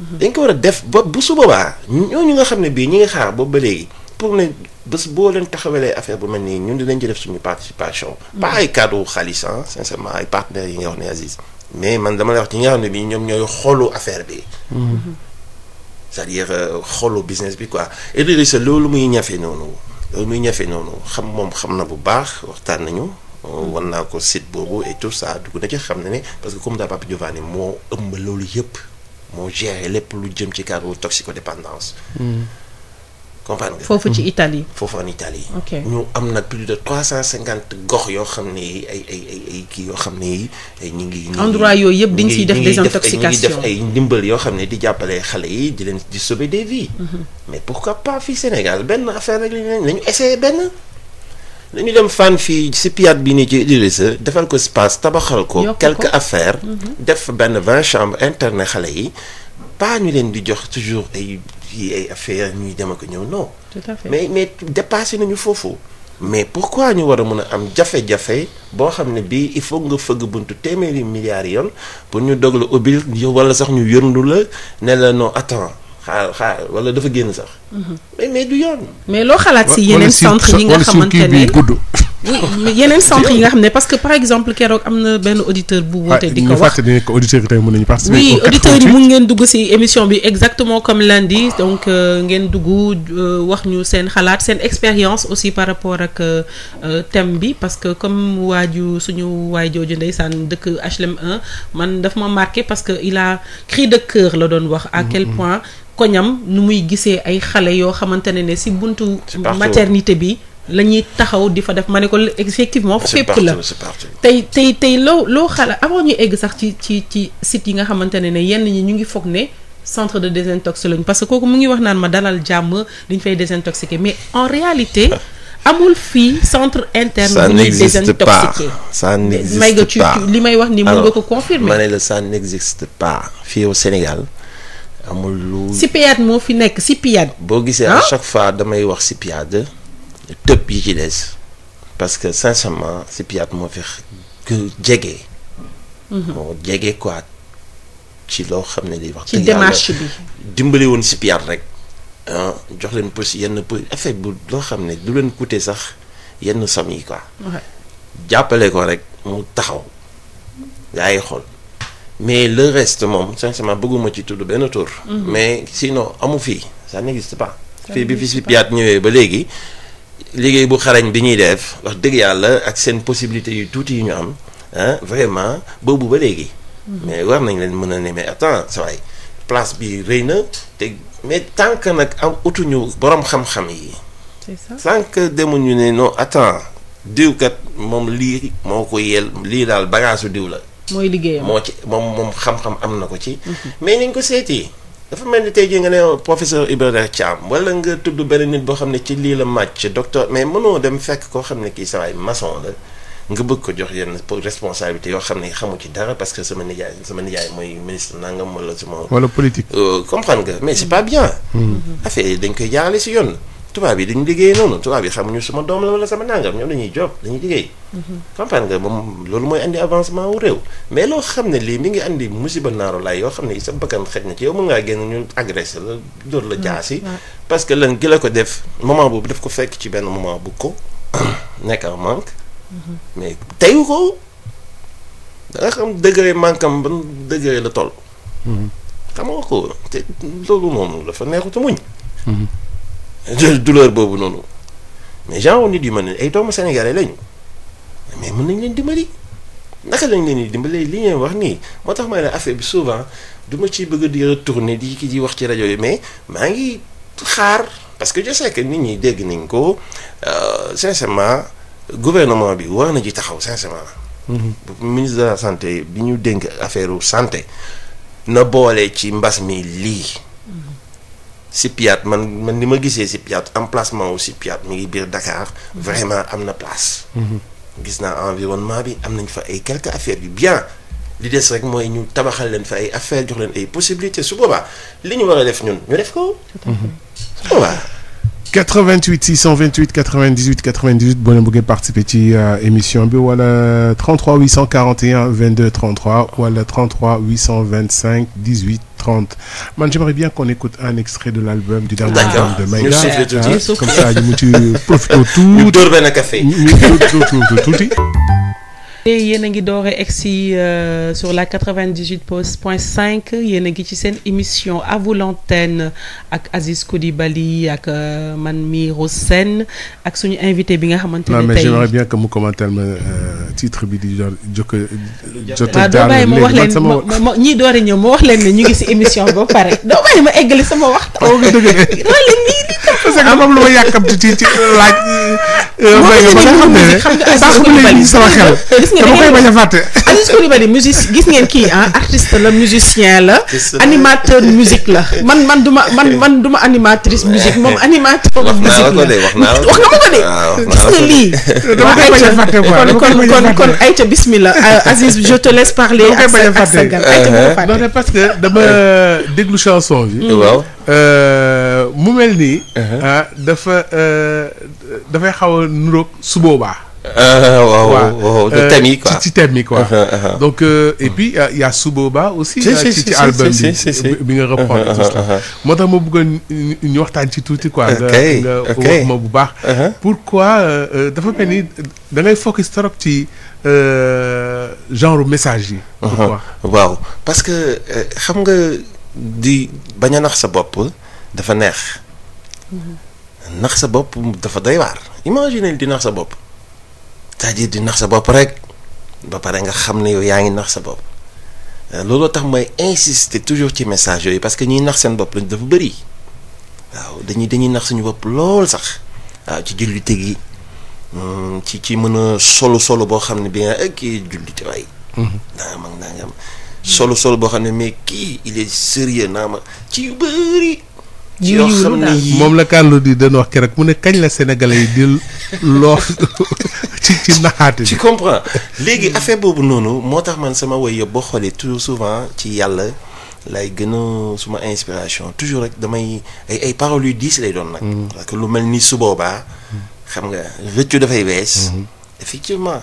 mhm. dañ ko war a def ba bu su boobaa ñooñu nga xam ne bii ñi ngi xaar boobu ba léegi pour ne bés boo leen taxawalee affaire bu mel nii ñun dinañ ci def suñu participation pas ay cadeau xaalis sincèrement ay partenaires yi nga wax ne Aziz mais man dama lay wax ci nga xam ne bi ñoom ñooy xolu affaire bi. c'est-à-dire euh, xolu business bi quoi Idrissa loolu muy ñafe noonu loolu muy ñafe noonu xam moom xam na bu baax waxtaan nañu. Euh, wan naa ko site boobu et tout saa dugg na ci xam ne ne parce que comme daa Papa Giovanni moo ëmb loolu yëpp moo géré lépp lu jëm ci wu cadre toxicodépendance. Mm. comprendre nga. foofu ci mhm. Italie. foofu en Italie. ñu am nag plus de trois cent cinquante gox yoo xam ne ay ay ay kii yoo xam ne ay ñu ngi. endroit yooyu yëpp dañ ciy def désintoxication ñu ngi def ay ndimbal yoo xam ne di jàppale xale yi di leen di sauver des vies. Mhm. mais pourquoi pas fii Sénégal benn affaire rek lañu nañu essayé benn. dañu dem fan fii si piat bi nii ci Idrissa defal ko espace tabaxal ko. quelques affaires. Mhm. def benn vingt chambres internet xale yi. pas ñu leen di jox toujours ay yi ay affaire ñuy dem ko ñëw non. tout à fait mais mais dépassé nañu foofu. mais pourquoi ñu war a mën a am jafe-jafe boo xam ne bii il faut nga fëgg buntu téeméeri milliards yoon pour ñu dog la ubbil wala sax ñu yërndu la ne la non attends xaar xaar wala dafa génn sax. Mhm. mais mais du yoon. mais loo xalaat si yeneen centre yi nga xamante ne gudd. oui yeneen centre yi nga xam ne parce que par exemple keroog am na benn auditeur bu woote ah, di ko wax ñu auditeurs yi tey mën ngeen dugg ci émission bi exactement comme lundi donc euh, ngeen dugg euh, wax ñu seen xalaat seen expérience aussi par rapport ak euh, thème bi parce que comme waaju suñu waay jooju ndeysaan dëkk HLM 1 man daf ma marqué parce que il a cri de cœur la doon wax à mm-hmm. quel point koñam nu muy gisee ay xale yoo xamante ne ne ci buntu maternité bi la ñuy taxaw di fa def ma ne ko effectivement fépp la tey tey tey loo loo xalaat avant ñu egg sax ci ci ci sit yi nga xamante ne ne yenn ñi ñu ngi foog ne centre de désintox lañu parce que kooku mu ngi wax naan ma dalal jàmm dañ fay désintoxiquer mais en réalité amul fii centre interne ça n'existe pas ça n'existe li may wax ni mën nga ko confirmer ma ne la ça n'existe pas fii au Sénégal amul lu CIPIAD moo fi nekk CIPIAD boo gisee à chaque fois damay wax CIPIAD tëb yi ci des parce que sincèrement si moo fi jege. Mhm. moo jege quoi ci loo xam ne li wax. ci démarche bi dimbali woon si rek. Ah, jox leen po yenn po effet bu loo xam ne du leen coûter sax yenn somme yi quoi. jàppale ko rek mu taxaw. yaa ngi xool mais le reste moom sincèrement bëgguma ci tudd benn tour mhm. mais sinon amu fii ça n'existe pas. fii bi fi si piyaat ñëwee ba léegi. liggéey bu xarañ bi ñuy def wax dëgg yàlla ak seen possibilité yu tuuti yu ñu am ah vraiment boobu ba léegi. Mhm. mais war nañ leen mën a ne mais attends sa place bi rëy na te mais tant que nag am utuñu borom xam-xam yi. c'est demu ñu que demuñu ne non attends diw kat moom lii moo ko yel lii daal bagaasu diw la. mooy liggéeyam moo ci moom moom xam-xam am na ko ci. Mhm. mais nañ ko seeti. dafa mel ni tey jii nga ne professeur Ibrahima Thiam wala nga tudd benn nit boo xam ne ci lii la màcc docteur mais mënoo dem fekk koo xam ne kii sawaay maçon la nga bëgg ko jox yenn pour responsabilité yoo xam ne xamu ci dara parce que sama nijaay sama nijaay mooy ministre nangam wala sama. wala politique. Euh, comprendre nga mais c'est pas bien. Mm-hmm. affaire dañ koy jaarale si yoon. tubaab yi dañu liggéey noonu tubaab yi xamuñu sama doom la wala sama nangam ñoom dañuy job dañuy liggéey. comprendre nga moom loolu mooy indi avancement wu réew. mais loo xam ne lii mi ngi andi musiba naaru laay yoo xam ne sa bakkan xëj na ci yow mën ngaa génn ñu agressé la dóor la mm, mm. parce que lan gi ko def moment boobu daf ko fekk ci benn moment ko nekk en manque. Mm-hmm. mais teyu ko da nga xam degré manque am ban la toll. Mm-hmm. xam nga ko te loolu moom dafa neexutu muñ. Mm-hmm. douleur boobu noonu mais genre nit yu man na ay doomu sénégalais lañu mais mën nañ leen dimbali naka lañ leen di dimbali li ngeen wax nii moo tax ma ne affaire bi souvent du ma ciy bëgg di retourner di ki di wax ci rajo yi mais maa ngi xaar parce que je sais nit ñi dégg nañ ko euh, sincèrement gouvernement bi war na ji taxaw sincèrement. Mhm. ministre de la santé bi ñu dénk affaire santé na boole ci mbas mi lii. Sippiat man man ni ma gisee Sippiat emplacement wu Sippiat mi ngi biir Dakar vraiment am na place. Mhm. gis naa environnement bi am nañ fa ay quelques affaires yu bien li des rek mooy ñu tabaxal leen fa ay affaires jox leen ay possibilités su boobaa li ñu war a def ñun ñu def ko. su boobaa. 88 628 98 98 boo leen bëggee participer ci euh, émission bi wala 33 841 22 33 wala 33 825 18. 30 man j'aimerais bien qu'on écoute un extrait de l'album du la album de Maïga comme ça ñu mu ci profité tout ñu dóor café tey yéen a ngi doore egg si euh, sur la 98 point cinq yéen a ngi ci seen émission à ak l'antenne ak Aziz Koulibaly ak euh, man mi Rose Sène ak suñu invité bi nga xamante ne tey non mais j'aimerais bien que euh, titre bi di jot jot a ah, daal léegi ma wax leen ma ñii doore ñëw ma wax leen ne ñu ngi si émission ba pare doo bàyyi ma eggali sama waxtaan. waaw oh, nga dëgg nii sama xel. gis nga koy bañ a fàtte Aziz ah, Coulibaly musique gis ngeen kii ah artiste la musicien la animateur musique la man man du ma man man animatrice musique moom animateur musique la wax naa la ko de ah, gis nga lii dama a fàtte parce que dama déglu chanson bi mm. waaw euh, mu mel nii uh-huh. ah, dafa euh, dafay xaw a nuroog su boobaa waaw waaw thème yi quoi ci oh, oh, euh, thème uh-huh, uh-huh. donc euh, et puis y' a Suboba aussi. ci ci album bi bi nga reprendre uh-huh, tout ça. moo tax ma bëggoon ñu waxtaan ci tuuti quoi. nga ma bu baax. pourquoi euh, dafa mel ni da ngay trop ci genre message yi. waaw parce que xam nga di bañ a nax sa bopp dafa neex. Mm-hmm. nax sa bopp dafa doy waar imaginer di nax sa bopp. cest di nax sa bopp rek ba pare nga xam ne yow yaa ngi nax sa bopp euh, looloo tax may insister toujours ci message yooyu parce que ñuy nax seen bopp lañ dafa bëri waaw dañuy dañuy nax suñu bopp lool sax waaw ci jullite gi hmm, ci ci mën a solo solo boo xam ne bi nga eh, kii jullite waay. naa mag mhm. naa nga am solo solo boo xam ne mais kii il est sérieux naa ma ci yu bëri. ci yoo xam ne moom la Carlo di doon wax rek mu ne kañ la sénégalais yi di loo ci ci naxaate bi. tu comprends léegi affaire boobu noonu moo tax man sama woy yëpp boo xoolee toujours souvent ci yàlla lay gën a suma inspiration toujours rek damay ay ay yu diis lay doon nag. Mm. parce que lu mel nii su boobaa. xam nga rëccu dafay wees. Mm-hmm. effectivement.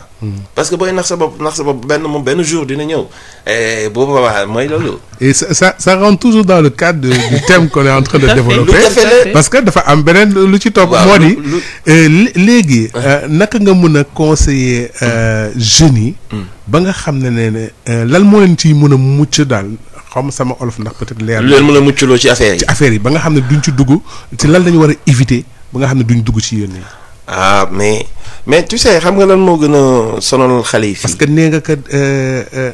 parce que booy nax sa bopp nax sa bopp benn moom benn jour dina ñëw eh, boobu boobaa mooy loolu. et sa ça ça toujours dans le cadre du thème qu'on est en train de développer parce que dafa am beneen lu ci topp. moo di eh, léegi. Ah. Euh, naka nga mën a conseiller euh, jeunes yi. Mm. ba nga xam ne ne euh, lan moo leen ci mun a mucc daal xaw sama olof ndax peut-être leer. lu leen mun a muccloo ci affaire ci affaire yi ba nga xam ne duñ ci dugg ci lan lañu war a éviter ba nga xam ne duñ dugg ci yéen ah mais mais tu sais xam nga lan moo gën a sonal xale yi. parce que nee nga que euh, euh,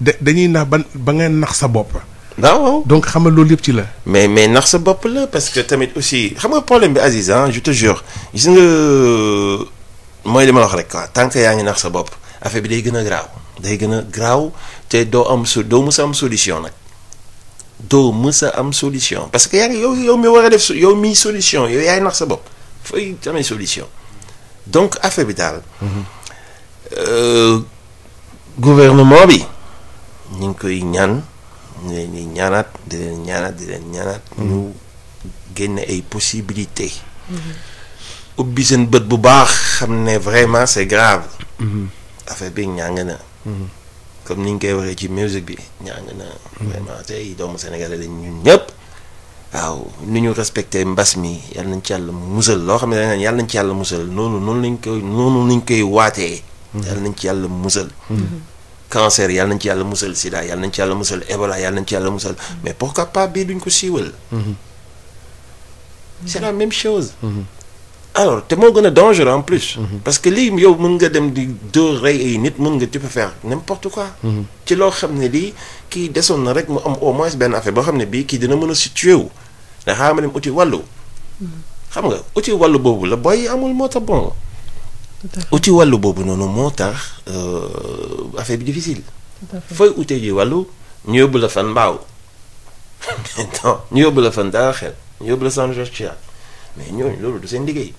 dañuy nax ban ba nga nax sa bopp. Ah, waaw donc xam nga loolu yëpp ci la. mais mais nax sa bopp la parce que tamit aussi xam nga problème bi Aziz ah je te jure gis nga mooy li ma wax rek quoi tant yaa ngi nax sa bopp affaire bi day gën a graaw day gën a graaw te doo am su doo mës a am solution nag. doo mës a am solution parce que yaa ngi yow yow mi war a def yow mi solution yow yaay nax sa bopp. fay amee solution donc affaire bi daal. Euh, gouvernement bi ñu ngi koy ñan ñu leen di ñaanaat leen ñaanaat ñu génne ay possibilités. ubbi seen bët bu baax xam ne vraiment c'est grave. affaire bi ñàng na. comme ni ñu koy waxee ci musique bi ñàng na. vraiment tey doomu Sénégal lañ ñun waaw ni ñu respecté mbas mi yal nañ ci yàlla musal loo xam ne dañ naan nañ ci yàlla musal noonu noonu lañ koy noonu lañ koy waatee. Mhm. yal nañ ci yàlla musal. Mhm. cancer yal ci yàlla musal sida yal nañ ci yàlla musal Ebola yal nañ ci yàlla musal mhm. mais pourquoi pas bii duñ ko siiwal. c'est la même chose. alors te moo gën a dangereux en plus. parce que lii yow mën nga dem di dóor rey nit mën nga tu peux faire n'importe quoi. ci loo xam ne lii kii desoon na rek mu am au moins benn affaire boo xam ne bii kii dina mën a situé wu ne xaaral ma dem uti wàllu. xam nga uti wàllu boobu la booy amul moo tax bon. wàllu boobu noonu moo tax euh, affaire bi difficile. fooy ute ji wàllu ñu yóbbu la fan mbaaw. non ñu yóbbu la fan dara xel ñu yóbbu la san mais ñooñu loolu du seen liggéey.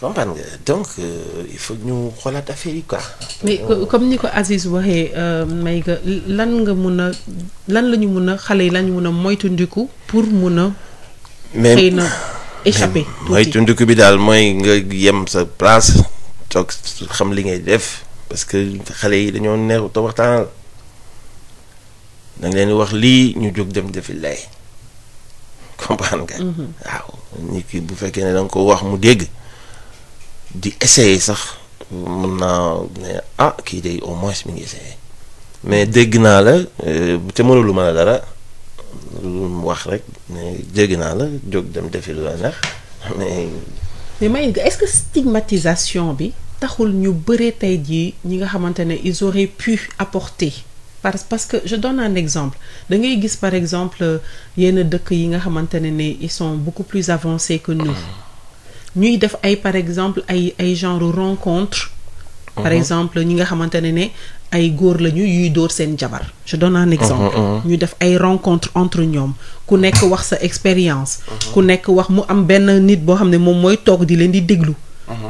comprendre mm-hmm. nga donc euh, il faut ñu xoolaat affaire yi quoi. comme ni ko Aziz waxee euh, may nga lan nga mun a lan la ñu mun a xale yi lan ñu mun a moytundiku pour mun a. xëy na échappé tuuti moytundiku bi daal mooy nga yem sa place toog xam li ngay def parce que xale yi dañoo neexut a waxtaan da nga leen wax lii ñu jóg dem defi lay comprendre nga. Mm-hmm. waaw. nit kii bu fekkee ne da nga ko wax mu dégg di essayer sax mën naa ne ah kii de au moins mi ngi essayer mais dégg naa la euh, te mënulu ma la dara lu mu wax rek mais dégg naa la jóg dem defi lu la neex mais. est-ce que stigmatisation bi taxul ñu bëree tey jii ñi nga xamante ne ils auraient pu apporter. parce parce que je donne un exemple da ngay gis par exemple yenn dëkk yi nga xamante ne ne ils sont beaucoup plus avancés que nous ñuy def ay par exemple ay ay genre rencontre uh-huh. par exemple ñi nga xamante ne ne ay góor lañu yuy dóor seen jabar je donne un exemple uh-huh, uh-huh. ñu def ay rencontre entre ñoom ku nekk wax sa expérience ku nekk wax mu am benn nit boo xam ne moom mooy toog di leen di déglu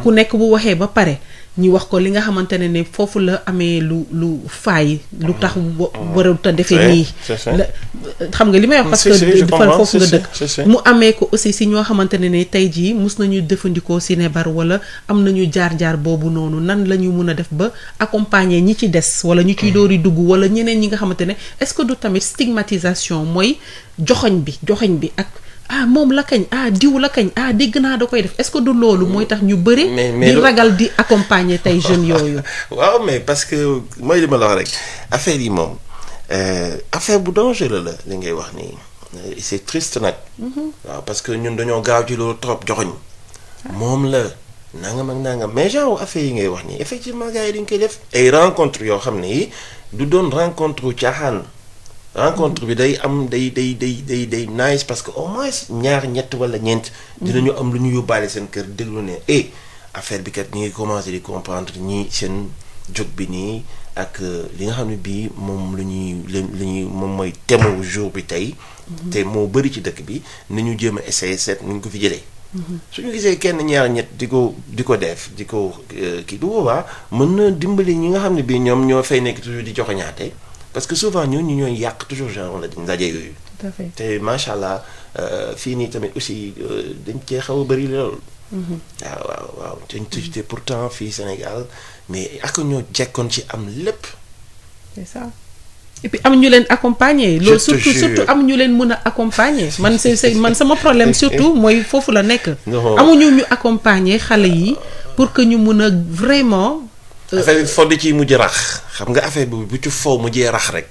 ku nekk bu waxee ba pare ñi wax ko li nga xamante ne ne foofu la amee lu lu faay lu tax ah. ah. warut a defee nii xam nga li may wax parce que dafa foofu nga dëkk mu amee ko aussi si ñoo xamante ne ne tey jii mus nañu defandikoo Sinébar wala am na ñu jaar-jaar boobu noonu nan la ñu mun a def ba accompagner ñi ci des wala ñu ciy dóori dugg wala ñeneen ñi nga xamante ne est-ce que du tamit stigmatisation mooy joxoñ bi joxoñ bi ak ah moom la kañ ah diw la kañ ah dégg naa da koy def est-ce que du loolu mooy tax ñu bëri di ragal di accompagner tey jeunes yooyu waaw mais parce que mooy li ma la wax rek affaire yi moom euh, affaire bu dangereux la li ngay wax nii c'est triste nag mhm. waaw parce que ñun dañoo gaaw ci loolu trop joxoñ moom la nangam ak nangam mais genre affaire yi ngay wax nii effectivement gars yi dañ koy def ay rencontre yoo xam ne yi du doon rencontre caaxaan rencontre bi day am day day day day day nice parce que au moins ñaar ñett wala ñeent. dinañu am lu ñu yóbbaale seen kër déglu ne eh, affaire bi kat ñu ngi commencé di comprendre ñii seen jóg bi nii ak euh, li nga xam ne bii moom lu ñuy la ñuy moom mooy thème jour bi tey. Mhm. te moo bëri ci dëkk bi ni ñu jéem a essayer seet nu ñu ko fi jëlee. Mhm. su ñu gisee kenn ñaar ñett di ko di ko def di ko euh, kii bu boobaa mën na dimbali ñi nga xam ne bii ñoom ñoo fay nekk toujours di joxe ñaate. parce que souvent ñun ñu ñooy yàq toujours genre la ndaje yooyu. te macha allah euh, fii nii tamit aussi euh, dañ cee xaw a bëri lool. waaw mhm. ah, waaw waaw te te pourtant fii Sénégal mais ak ñoo jekkoon ci am lépp. c'est ça. am ñu leen accompagner. loolu surtout surtout am ñu leen mën a accompagner man c'est c'est man sama problème surtout mooy foofu la nekk. amuñu ñu accompagner xale yi pour que ñu mën a vraiment. Euh, affaire bi ci mu rax. xam nga affaire bi bu ci foo mu jee rax rek.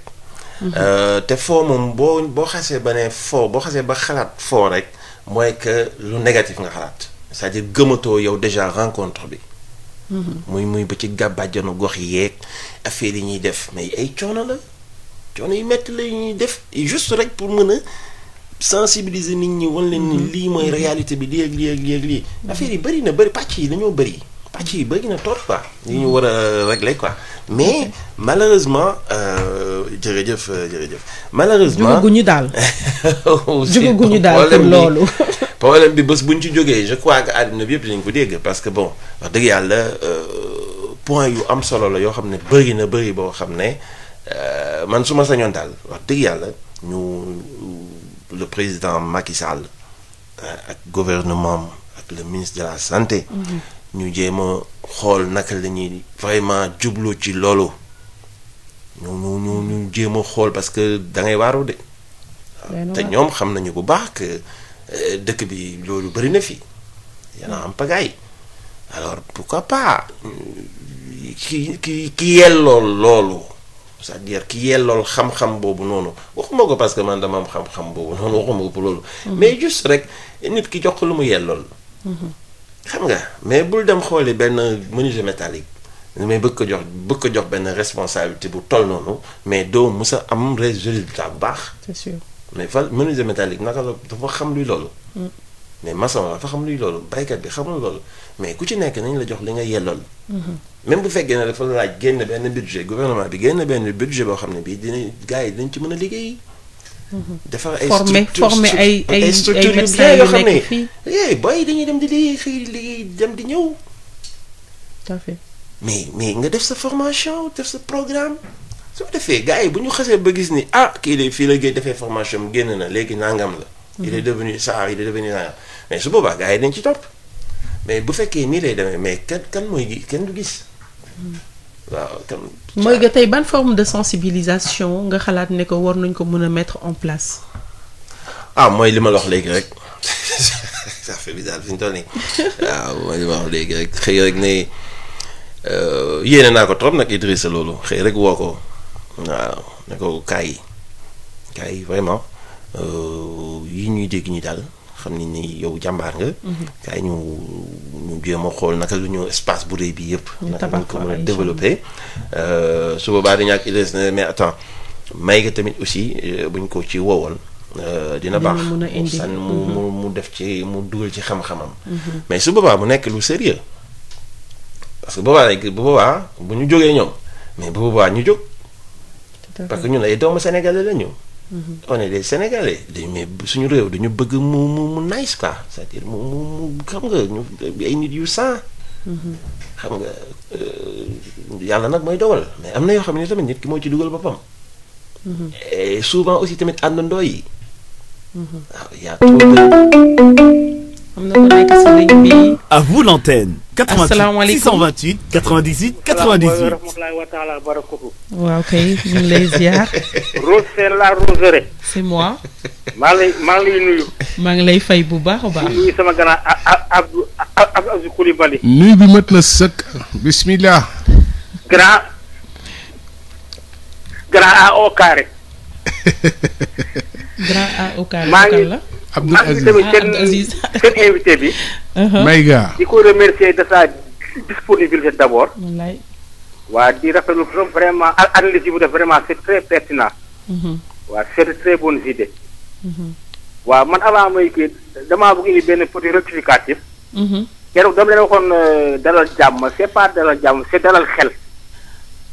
Euh, te foo moom boo boo xasee ba ne foo boo xasee ba xalaat foo rek mooy que lu négatif nga xalaat cest dire gëmatoo yow déjà rencontre bi. Mm-hmm. muy muy ba ci gàbbaajanu gox yeeg affaire yi ñuy def mais ay coono la coono yu métti la ñuy def juste rek pour mën a sensibiliser nit ñi wan leen ni mm-hmm. lii mooy mm-hmm. réalité bi lii ak lii ak lii ak lii. affaire yi bëri na bëri pàcc yi dañoo bëri. pàcc yi bëri na trop quoi yi ñu war a régler quoi mais malheureusement euh, jërëjëf euh, jërëjëf. malheureusement juguguñu daal. juguguñu daal pour loolu. problème bi bés bu ñu ci jógee je crois que àddina yëpp dinañ ko dégg parce que bon wax dëgg yàlla euh, point yu am solo la yoo xam ne bëri na bëri boo xam ne man suma sañoon daal wax dëgg yàlla ñu le président Macky Sall ak gouvernement ak le ministre de la santé. Mhm. ñu jéem a xool naka la ñuy vraiment jublu ci loolu ñu ñu ñu ñu jéem a xool parce que da ngay waaru de. te ñoom xam nañu bu baax euh, dëkk bi loolu bëri na fi yal na am pagaille alors pourquoi pas ki ki ki yelloo loolu c'est-à-dire ki yelloo xam-xam boobu noonu waxuma ko parce que man dama am xam-xam boobu noonu waxuma ko pour loolu. Mm-hmm. mais juste rek nit ki jox ko lu mu yellool. Mm-hmm. xam nga mais bul dem xooli benn menuisier métallique mais bëgg ko jox bëgg ko jox benn responsabilité bu toll noonu mais doo mus am résultat bu baax. c'est sûr mais fa menuisier métallique naka la dafa xam luy loolu. Mm. mais maçon dafa xam luy loolu baykat bi xamul loolu mais ku ci nekk nañ la jox li nga yellool. Mm-hmm. même bu fekkee ne dafa laaj génn benn budget gouvernement bi génn benn budget boo xam ne bii dinañ gars yi dañ ci mën a liggéey. defar ay formé formé ay ay structure yu bien yoo xam ne yee booy dañuy dem di liggéey liggéey dem di ñëw. tout à mais mais nga def sa formation def sa programme. soo defee gars yi bu ñu xasee ba gis ni ah kii de fii la géey defee formation am génn na léegi nangam la. il est mhm. devenu ça il est devenu nangam mais su boobaa gars yi dañ ci topp mais bu fekkee nii lay demee mais kan kan mooy gis kenn du gis. Mhm. waaw kon. mooy que tey ban forme de sensibilisation nga xalaat ne ko war nañ ko mën a mettre en place. ah mooy li ma wax léegi rek. ça fait bizarre fi ñu nii waaw ah, mooy li ma wax léegi rek xëy rek ne euh, yéene naa ko trop nag Idrissa loolu xëy rek woo ko waaw ne ko kaay yi kaay yi vraiment euh, yi ñuy dégg ñu daal. xam ni ni yow jàmbaar nga. kaay ñu ñu jéem a xool naka lu ñu espace bu rëy bi yëpp. naka ñu ko mën a développé. Euh, su boobaa dañu ak Idriss ne mais attends may nga tamit aussi euh, buñ ko ci wowoon. Euh, dina baax san mu mu mhm. mu def ci mu dugal ci xam-xamam. Mhm. mais su boobaa mu nekk lu sérieux parce que boobaa rek bu boobaa bu ñu jógee ñoom mais bu boobaa ñu jóg. parce que ñun ay doomu Sénégalais la Mm-hmm. on est des sénégalais mais suñu réew dañu bëgg mu mu mu nice quoi c'est-à-dire mu mu xam nga ay nit yu saa. Mm-hmm. xam nga euh, yàlla nag mooy dogal mais am na yoo xam ne tamit nit ki moo ci dugal boppam. Mm-hmm. et souvent aussi tamit àndandoo yi. waaw ah, y' trop de. am na ku nekk si ligne bi. à vous l'antenne. 88 628 98 98. waaw kay ñu ngi lay ziar. Rose c'est la roseraie. c'est moi. maa ngi lay maa ngi lay nuyu. maa ngi lay fay bu baax a baax. nuyu sama gannaaw Abdou Abdou Koulibaly. nuyu bi mat na sëkk. bismillah. grand. A au grand A au carré. Abdoul Aziz tamit seen seen invité bi. Uh-huh. Maïga di ko remercier de sa disponibilité d' abord. waa di rafetlu vraiment analyse yi bu def vraiment c' très pertinent. Uh-huh. waa c' très bonnes idées. Uh-huh. waaw man avant may kii damaa bëgg indi benn petit rectificatif. keroog dama leen waxoon euh, dalal jàmm c' est pas dalal jàmm c' est xel.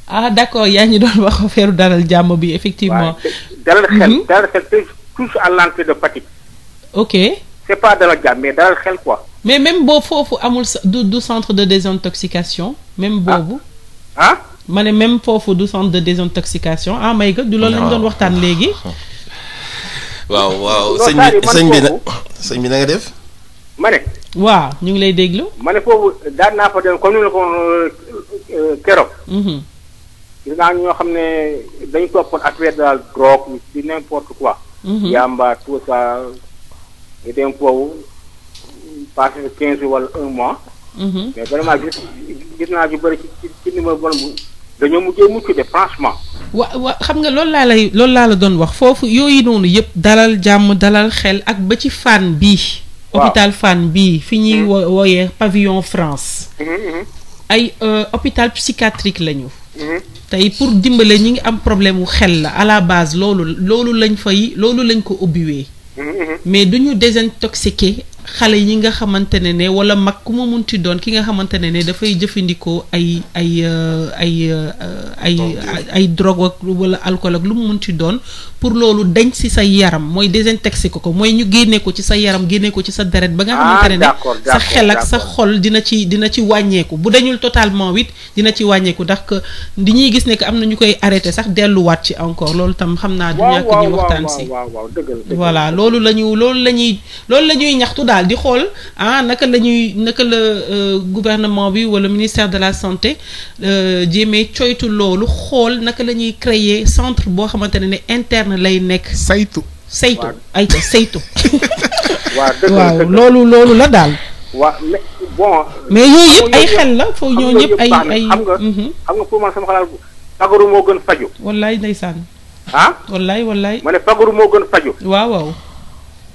ah d' yaa ñu doon wax affaire dalal jàmm bi effectivement. dalal xel dalal xel te toujours à de Fatick. ok c'est pas dalal jàmm mais dalal xel quoi. mais même boobu foofu amul du du centre de désintoxication. même boobu. Ah. ah ma ne même foofu du centre de désintoxication ah Maïga du loolu lañ doon waxtaan léegi. waaw waaw sa bi sëñ bi na sëñ bi ma ne. ñu ngi lay déglu. ma ne foofu daan naa fa dem comme ni ma la euh, euh, mhm. ne dañu toppoon itam foofu passé na 15 xam nga loolu laa lay la doon wax foofu yooyu noonu yëpp dalal jàmm dalal xel ak ba ci fan bii. hôpital Fann bii fi ñuy mm-hmm. wooyee pavillon France mm-hmm, mm-hmm. ay euh, hôpital psychiatrique lañu tey pour dimbale ñi ngi am problème wu xel la à la base loolu loolu lañ fay loolu lañ ko ubbiwee Mm-hmm. mais du duñu désintoxiquer xale yi nga xamante ne ne wala mag ku ma munti doon ki nga xamante ne ne dafay jëfandikoo ay ay euh, ay euh, ay ay drogue ak wala alcool ak lu mu mun munti doon pour loolu dañ si sa yaram mooy désintoxique ko ko mooy ñu génne ko ci sa yaram génne ko ci sa deret ba nga ah, xamante ne ne sa xel ak sa xol dina ci dina ci wàññeeku bu dañul totalement it dina ci wàññeeku ndax que di ñuy gis ne que am na ñu koy arrêté sax delluwaat ci encore loolu tam xam naa du ñàkk ñu waxtaan si voilà daal di xool ah naka la ñuy naka la euh, gouvernement bi wala ministère de la santé euh, jéemee coytu loolu xool naka lañuy ñuy créer centre boo xamante ne ne interne lay nekk. saytu saytu ay ta saytu. waaw loolu loolu la daal. waaw mais bon. mais yëpp ay xel la foofu ñoo ñëpp ay ay. Mhm. fagaru moo gën faju wallaay ndeysaan. Ah? wallaay wallaay. fagaru moo gën faju waaw waaw.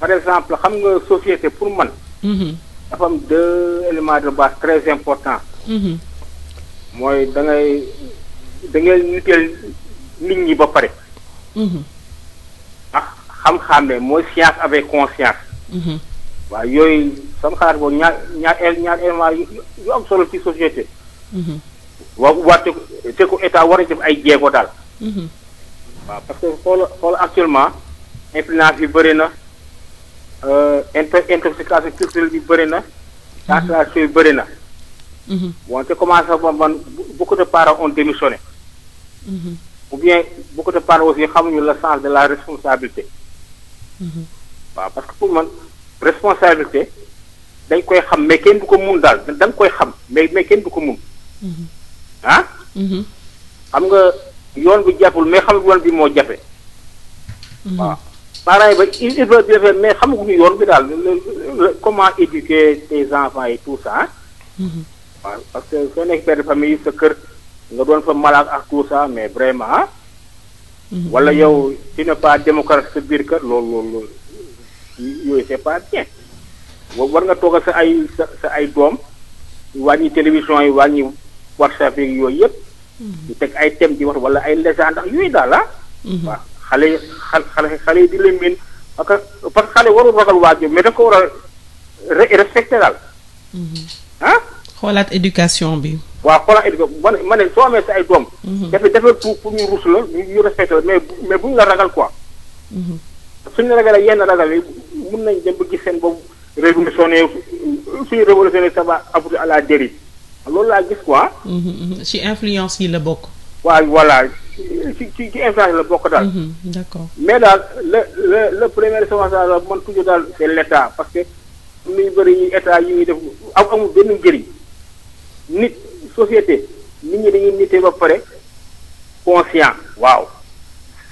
par exemple xam nga société pour man. Mhm. dafa am deux de base très importants. Mhm. mooy da ngay da nit ñi ba pare. Mhm. ndax xam-xam ne mooy science avec conscience. waaw yooyu sama xalaat boobu ñaar ñaar ñaar éléments yu am solo ci société. wa war te ko état war a def ay jéego daal. waaw parce que xool xool actuellement influence yi bëri na. Euh, inter intoxication culturelle bi bëri na. Mhm. intoxication yi bëri na. bon mhm. te commencé ba man beaucoup de parents ont démissionné. Mhm. ou bien beaucoup de parents aussi xamuñu la sens de la responsabilité. waaw parce que pour man responsabilité dañ koy xam mais kenn du ko mun daal dañ koy xam mais mais kenn du ko mun. ah. xam nga yoon bi jaful mais xam yoon bi moo jafe. waaw. parents ba ils veulent bien faire mais xamaguñu yoon bi daal comment éduquer tes enfants et tout ça mm-hmm. waaw parce que soo nekk père famille sa kër nga doon fa malade ak tout sa mais vraiment mm-hmm. wala yow tu n'es pas sa biir kër lool loolu yooyu c'est pas bien war nga toogal sa ay sa sa ay doom wàññi télévision yi wàññi whatsapp yi yooyu yëpp. Mm-hmm. di teg ay thème di wax wala ay légende ndax yooyu daal ah. waaw xale yi xale xale yi di leen mën parce que xale warul ragal waajur mais da ko war a respecté daal. ah. xoolaat éducation bi. waa xoolaat éducation man ma ne soo amee sa ay doom. dafa mm-hmm. dafa pour pour ñu rus la ñu respecté la mais mais bu ñu la ragal quoi. Mm-hmm. suñu la ragalee yenn ragal yi mun nañ dem ba gis seen boobu révolutionné suñu révolutionné ça va aboutir à la dérive loolu laa gis quoi. ci influence yi la bokk. waaw voilà. ci ci ci influence la bokk daal. Mhm, mais daal la le le premier responsable la man toujours daal c'est l'état parce que nu ñu bëri ñu état yi ñuy def am amul benn njëriñ nit société nit ñi dañuy nitee ba pare conscient waaw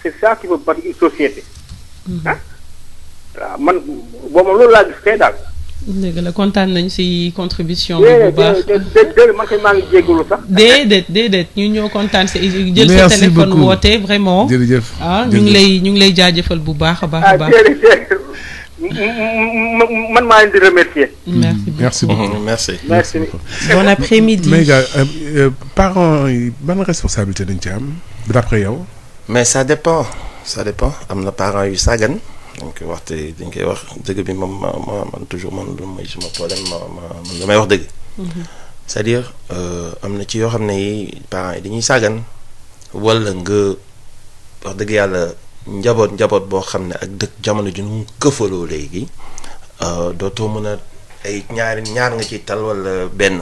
c'est ça qui veut bâtir une société. Mhm. ah waaw man boobu loolu laa gis tey daal. dëgg la kontaan nañ si contribution. bi bu baax déedéet man kay maa ngi jégalu sax. déedéet déedéet ñu ñoo kontaan si jël sa téléphone woote vraiment. jërëjëf ah, ñu ngi lay ñu ngi lay jaajëfal bu baax a baax a ah, baax. man maa leen di remercier. merci beaucoup merci mhm, merci. bon après-midi. mais euh, euh, dañ ci am d'après yow. mais ça dépend ça dépend am na parents yu sàggan. dañ koy euh, wax dañ koy wax dëgg bi moom ma ma man toujours man lu mooy suma problème ma ma man damay wax dëgg. Mhm. cest à euh, am na ci yoo xam ne yi parents yi dañuy sàggan wala nga wax dëgg yàlla njaboot njaboot boo xam ne ak dëkk jamono ji nu këfaloo léegi euh, dootoo mën a ay ñaari ñaar nga ci tal wala benn.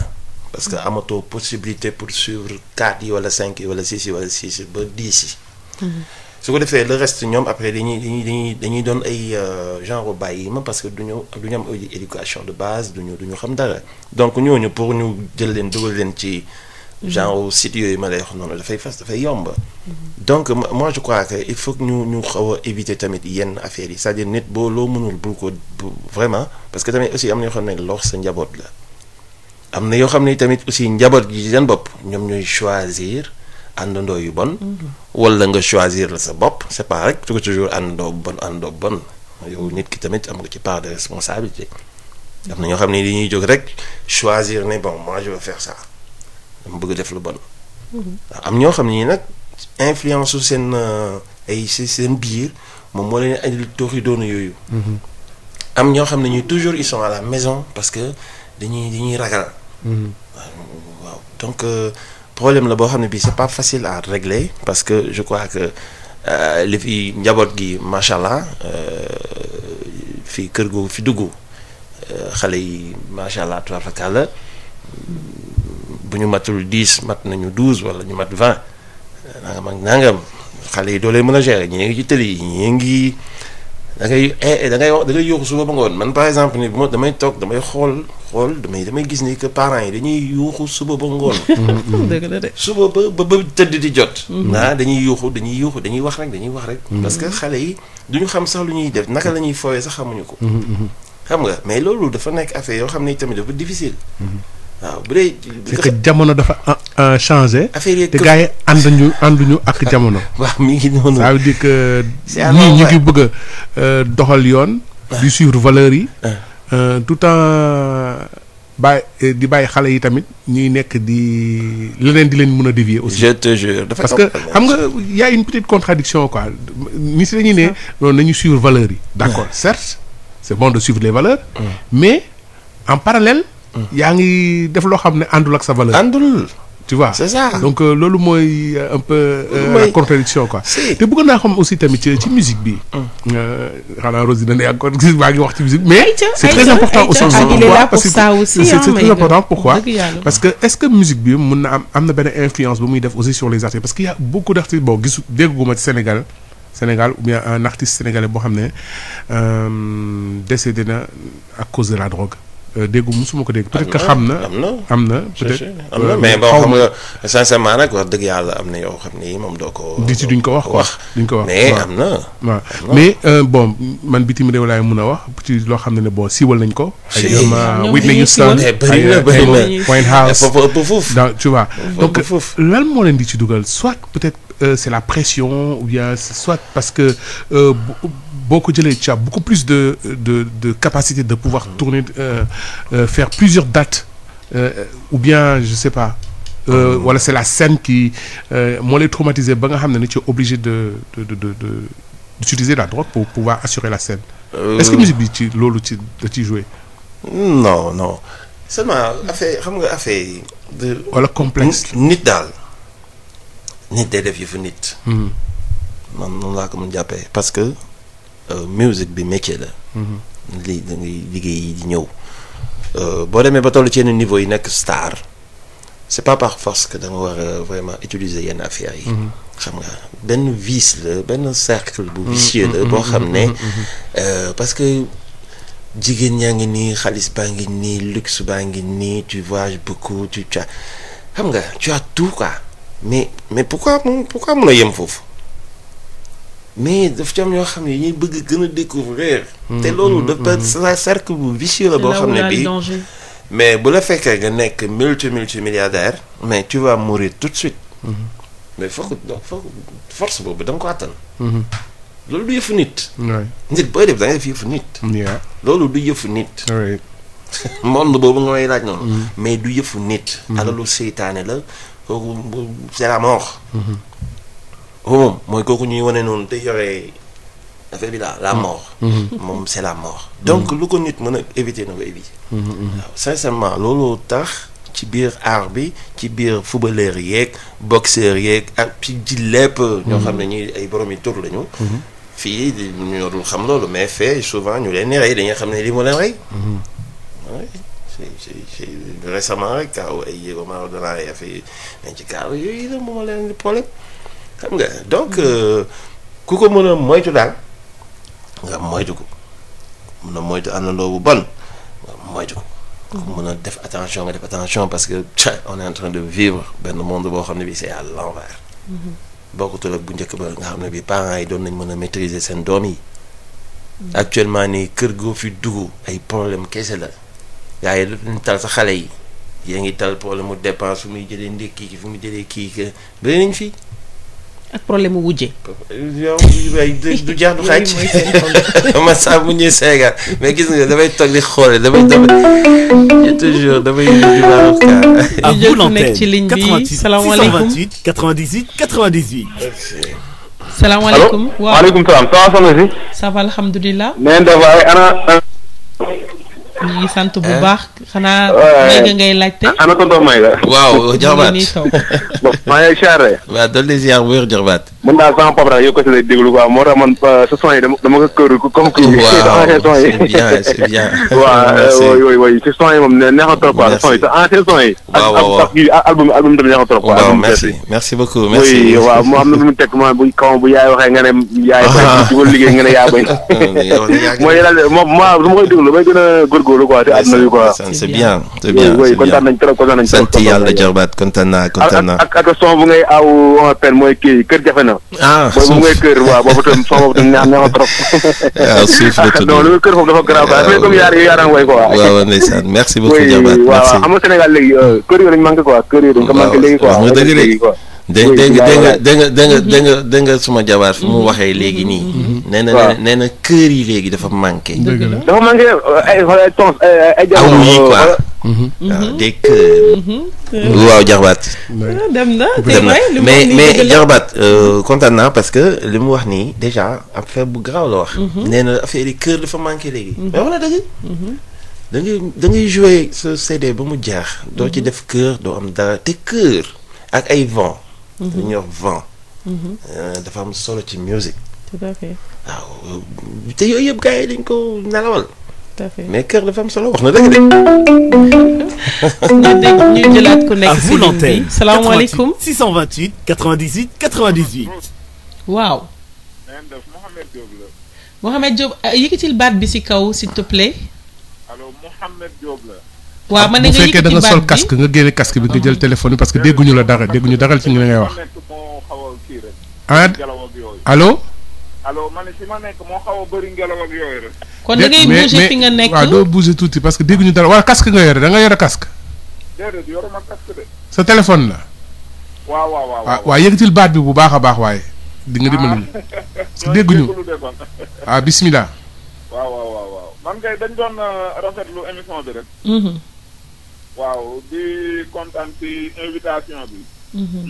parce que amatoo possibilité pour suivre quatre yi wala cinq yi wala six yi wala six yi ba dix yi. Mhm. su ko defee le reste ñoom après dañuy dañuy dañuy doon ay euh, genre bàyyi ma parce que du ñu du ñu am éducation de base du ñu du ñu xam dara donc ñooñu pour ñu jël leen dugal leen ci. genre mhm. site yooyu ma lay wax noonu dafay fas dafay yomb. Mhm. donc moi je crois que il faut que ñu ñu xaw a éviter tamit yenn affaires yi cest dire nit boo loo mënul bul ko vraiment parce que tamit aussi am na yoo xam ne lor sa njaboot la. am na yoo xam ne tamit aussi njaboot gi ci bopp ñoom ñooy choisir. àndandoo yu bon. wala nga choisir la sa bopp c'est pas rek toujours toujours àndandoo bu bon àndandoo bu bon yow nit ki tamit am nga ci part de responsabilité. am na ñoo xam ne li ñuy jóg rek choisir ne bon moi je veux bëgg def lu bon. Mm-hmm. ñoo xam ne nag influence su seen euh, ay seen biir moom moo leen andil tooxi doonu yooyu. Mm-hmm. am ñoo xam ne ñu toujours ils à la maison parce que dañuy dañuy ragal. Mm-hmm. waaw donc. Euh, problème la boo xam ne bii c'est pas facile à régler parce que je crois que euh, li fi njaboot gi macha allah euh, fi kër googu fi dugg euh, xale yi macha allah tubarfakala bu ñu matul dix mat nañu douze wala ñu mat vingt nangam ak nangam xale yi doo leen mën a gérer ñii ngi ci tëli yi ñii ngi. da ngay eh, eh, da ngay da ngay yuuxu suba ba ngoon man par exemple ni bu ma damay toog damay xool xool damay damay gis ni que parents yi dañuy yuuxu suba ba ngoon. Mm-hmm. dëgg la de. suba ba ba tëdd di jot. Mm-hmm. ah dañuy yuuxu dañuy yuuxu dañuy wax rek dañuy wax rek. Mm-hmm. parce que xale yi duñu xam sax lu ñuy def naka la ñuy foowee sax xamuñu ko. xam nga mais loolu dafa nekk affaire yoo xam ne tamit dafa difficile. waaw bu dee. c'est jamono dafa ah, Euh, changé. affaire yeeg te gars yi ànduñu ànduñu ak jamono. waaw mi ngi noonu. ça veut dire que. ñii ñu ngi bëgg a euh, doxal yoon. di suivre valeurs yi. Euh, tout en bàyyi di bàyyi xale yi tamit ñuy nekk di leneen di leen mun a dévier aussi. je parce que xam nga y a une petite contradiction quoi ni si dañuy ne noonu nañu suivre valeurs yi. d' accord certes c' est bon de suivre les valeurs. mais en parallèle. yaa ngi def loo xam ne àndul ak sa valeur. àndul. tu vois c'est ça donc euh, loolu mooy euh, un peu euh, la contradiction quoi te bëgg naa xam aussi tamit ci musique bi mm. xanaa Rose dina ne encore maa ngi wax ci musique mais c'est très important aussi parce que c'est très important pourquoi parce que est-ce que musique bi mën na am am na benn influence bu muy def aussi sur les artistes parce que y a beaucoup d'artistes bon gisu dégguma ci Sénégal Sénégal ou bien un artiste sénégalais boo xam ne décédé na à cause de la drogue Euh, déggu musuma ko dégg. peut-être xam na am na am na. peut-être euh, am na mais boo yàlla am na yoo xam ni moom doo ko. di duñ ko wax wax duñ ko wax. mais am na waaw mais euh, bon man bitim réew laay mun a wax ci loo xam ne ne bon siiwal nañ ko. ay ñoom Whitney Houston eh, bëri na bëri na Winehouse. foofu ëpp foofu. donc tu vois donc lan moo leen di ci dugal soit peut Euh, c'est la pression ou bien soit parce que euh, boo ko jëlee tu as beaucoup de de de capacité de pouvoir tourner euh, faire plusieurs dates ou bien je sais pas. Euh, voilà c'est la scène qui euh, moo lay traumatisé ba nga xam ne ni tu es obligé de de de de d'utiliser la drogue pour pouvoir assurer la scène. est-ce que musique bi ci loolu ci da ciy jouer. non non seulement affaire xam nga affaire yi. wala complexe nit nit day def yëfu nit. Hmm. man noonu laa ko mën jàppee parce que euh, musique bi métier la. Hmm. lii da liggéey yi di ñëw euh, boo demee ba toll ci yenn niveau yi nekk star c'est pas par force que da war a vraiment utiliser yenn affaires yi. Hmm. xam nga benn vice la benn cercle bu vicieux la boo xam ne euh, parce que jigéen ñaa ngi nii xaalis baa ngi nii luxe baa ngi nii tu voyages beaucoup tu tu xam nga tu tout quoi. mais mais pourquoi moom pourquoi mun a yem foofu mais daf ci am ñoo xam ne ñuy bëgg gën a découvrir hmm, te loolu hmm, hmm, dafa sa cercle bu vicieux la boo xam ne bii mais bu la fekkee nga nekk multi multi milliardaire mais tu vas mourir tout de suite mais foog force boobu da ko àttan loolu du yëfu nit nit booy def def yëfu nit du yëfu nit monde boobu nga may laaj noonu mais du yëfu nit alalu seytaane la kooku c'est la mort. moom mooy kooku ñuy wane noonu te yore affaire bi la la mm-hmm. mort. Mm-hmm. moom c'est la mort. donc mm-hmm. lu ko nit mën a éviter na ko éviter. waaw sincèrement loolu tax. ci biir art bi ci biir footballeur yeeg boxeur yeeg ak ci ci lépp. ñoo xam ne ñii ay borom yi tur lañu. fii ñu dul xam loolu mais fait souvent ñu leen di dañuy xam ne li moo leen rey. c'est récemment rek kaaw ay Diego Maradona ay affaire nañ ci kaaw yooyu la moom leen problème xam nga donc euh, ku ko mën a moytu daal nga moytu ko mën a bu bon nga a def attention nga def attention parce que on est en de vivre benn monde boo xam ne bii c'est à l'envers bokkutul ak bu njëkk ba nga xam ne bii parents yi doon nañ mën a maîtriser seen doom yi. Mm-hmm. actuellement nii kër goo fi dugg ay problème kese la. gars yi tal sa xale yi yaa ngi tal problème mu dépense fu muy jëlee ndékki ki fu muy jëlee kii ki bëri nañ fi. ak problème mu wujje. yow du jaax du xaaj man saa bu ñuy Sénégal mais gis nga damay toog di xoole damay damay toujours damay di baax ak ñu jël nekk ci ligne bi salaamaaleykum 88 98 98. salaamaaleykum waaw waaleykum salaam ça va soxna si. ça va alhamdulilah. nee ñu ngi sant bu eh? baax. xanaa Mayga ngay laajte. Ah, ana tonton Mayga. waaw Diakhoumpa ñu ngi taw. bon maa ngi lay waaw doon lay ziar bu wér Diakhoumpa. mën naa sama papa rek yow ko si lay déglu quoi moo tax man euh, sa son yi dama dama ko kër trop quoi. son yi waaw waaw merci merci beaucoup merci. waaw moo am na lu mu teg ma bu kaw bu yaay waxee nga yaay bañ. di ko liggéey nga ne yaa bañ. mooy yàlla moom maa su ma koy déglu damay a góorgóorlu quoi te àdduna bi quoi. c'est bien c'est bien oui kontaan nañ trop kontaan nañ trop. sant yàlla jarbaat kontaan naa kontaan naa. ak ak son bu ngay aw on pen mooy kii kër jafe na. ah suuf mooy bu ngay kër waaw boobu tam son boobu tam ñaax na trop. waaw ah, suuf la tudd non kër foofu dafa grave ah, quoi mais euh, kër yooyu dañ manqué quoi kër yooyu ko manqué léegi quoi. dégg nga dégg nga mhm. dégg suma jabaar fi mu mhm. waxee léegi nii. Mhm. nee na nee na kër yi léegi dafa manqué. dafa manqué na dem mais mais jaxbaat euh, kontaan naa parce que li mu wax nii déjà affaire bu garaaw la wax. na affaire yi kër dafa manqué léegi. mais wala dëgg. ba mu jaax doo ci def kër doo am dara te kër ak ay vent. li ñuy wax vent. Mhm. Euh, dafa am solo ci musique. tout à fait te yooyu yëpp gars yi dañ ko nalawal. tout mais kër dafa am solo wax na dëgg de. ñu dégg ñu jëlaat ku nekk si ligne bi salaamaaleykum. 628 98 98. waaw. Mohamed Diop la. Mohamed Diop yëkkatil baat bi si kaw si te plaît. allo Mohamed Diop la. waaw ah, man bu fekkee da nga sol casque nga génne casque bi nga jël téléphone bi parce que dégguñu la dara dégguñu dara ci ah, ma nekk moo xaw a bëri kon da ngay nga nekk waaw doo bouger tuuti parce que dégguñu dara wala casque nga yore da yore casque. sa téléphone la. waaw waaw waaw ah, baat bi bu baax a baax waaye. di nga dimbali ñu parce que dégguñu ah bisimilah. waaw waaw euh, bi rek. Mm-hmm. waaw di kontaan ci invitation bi. Mhm.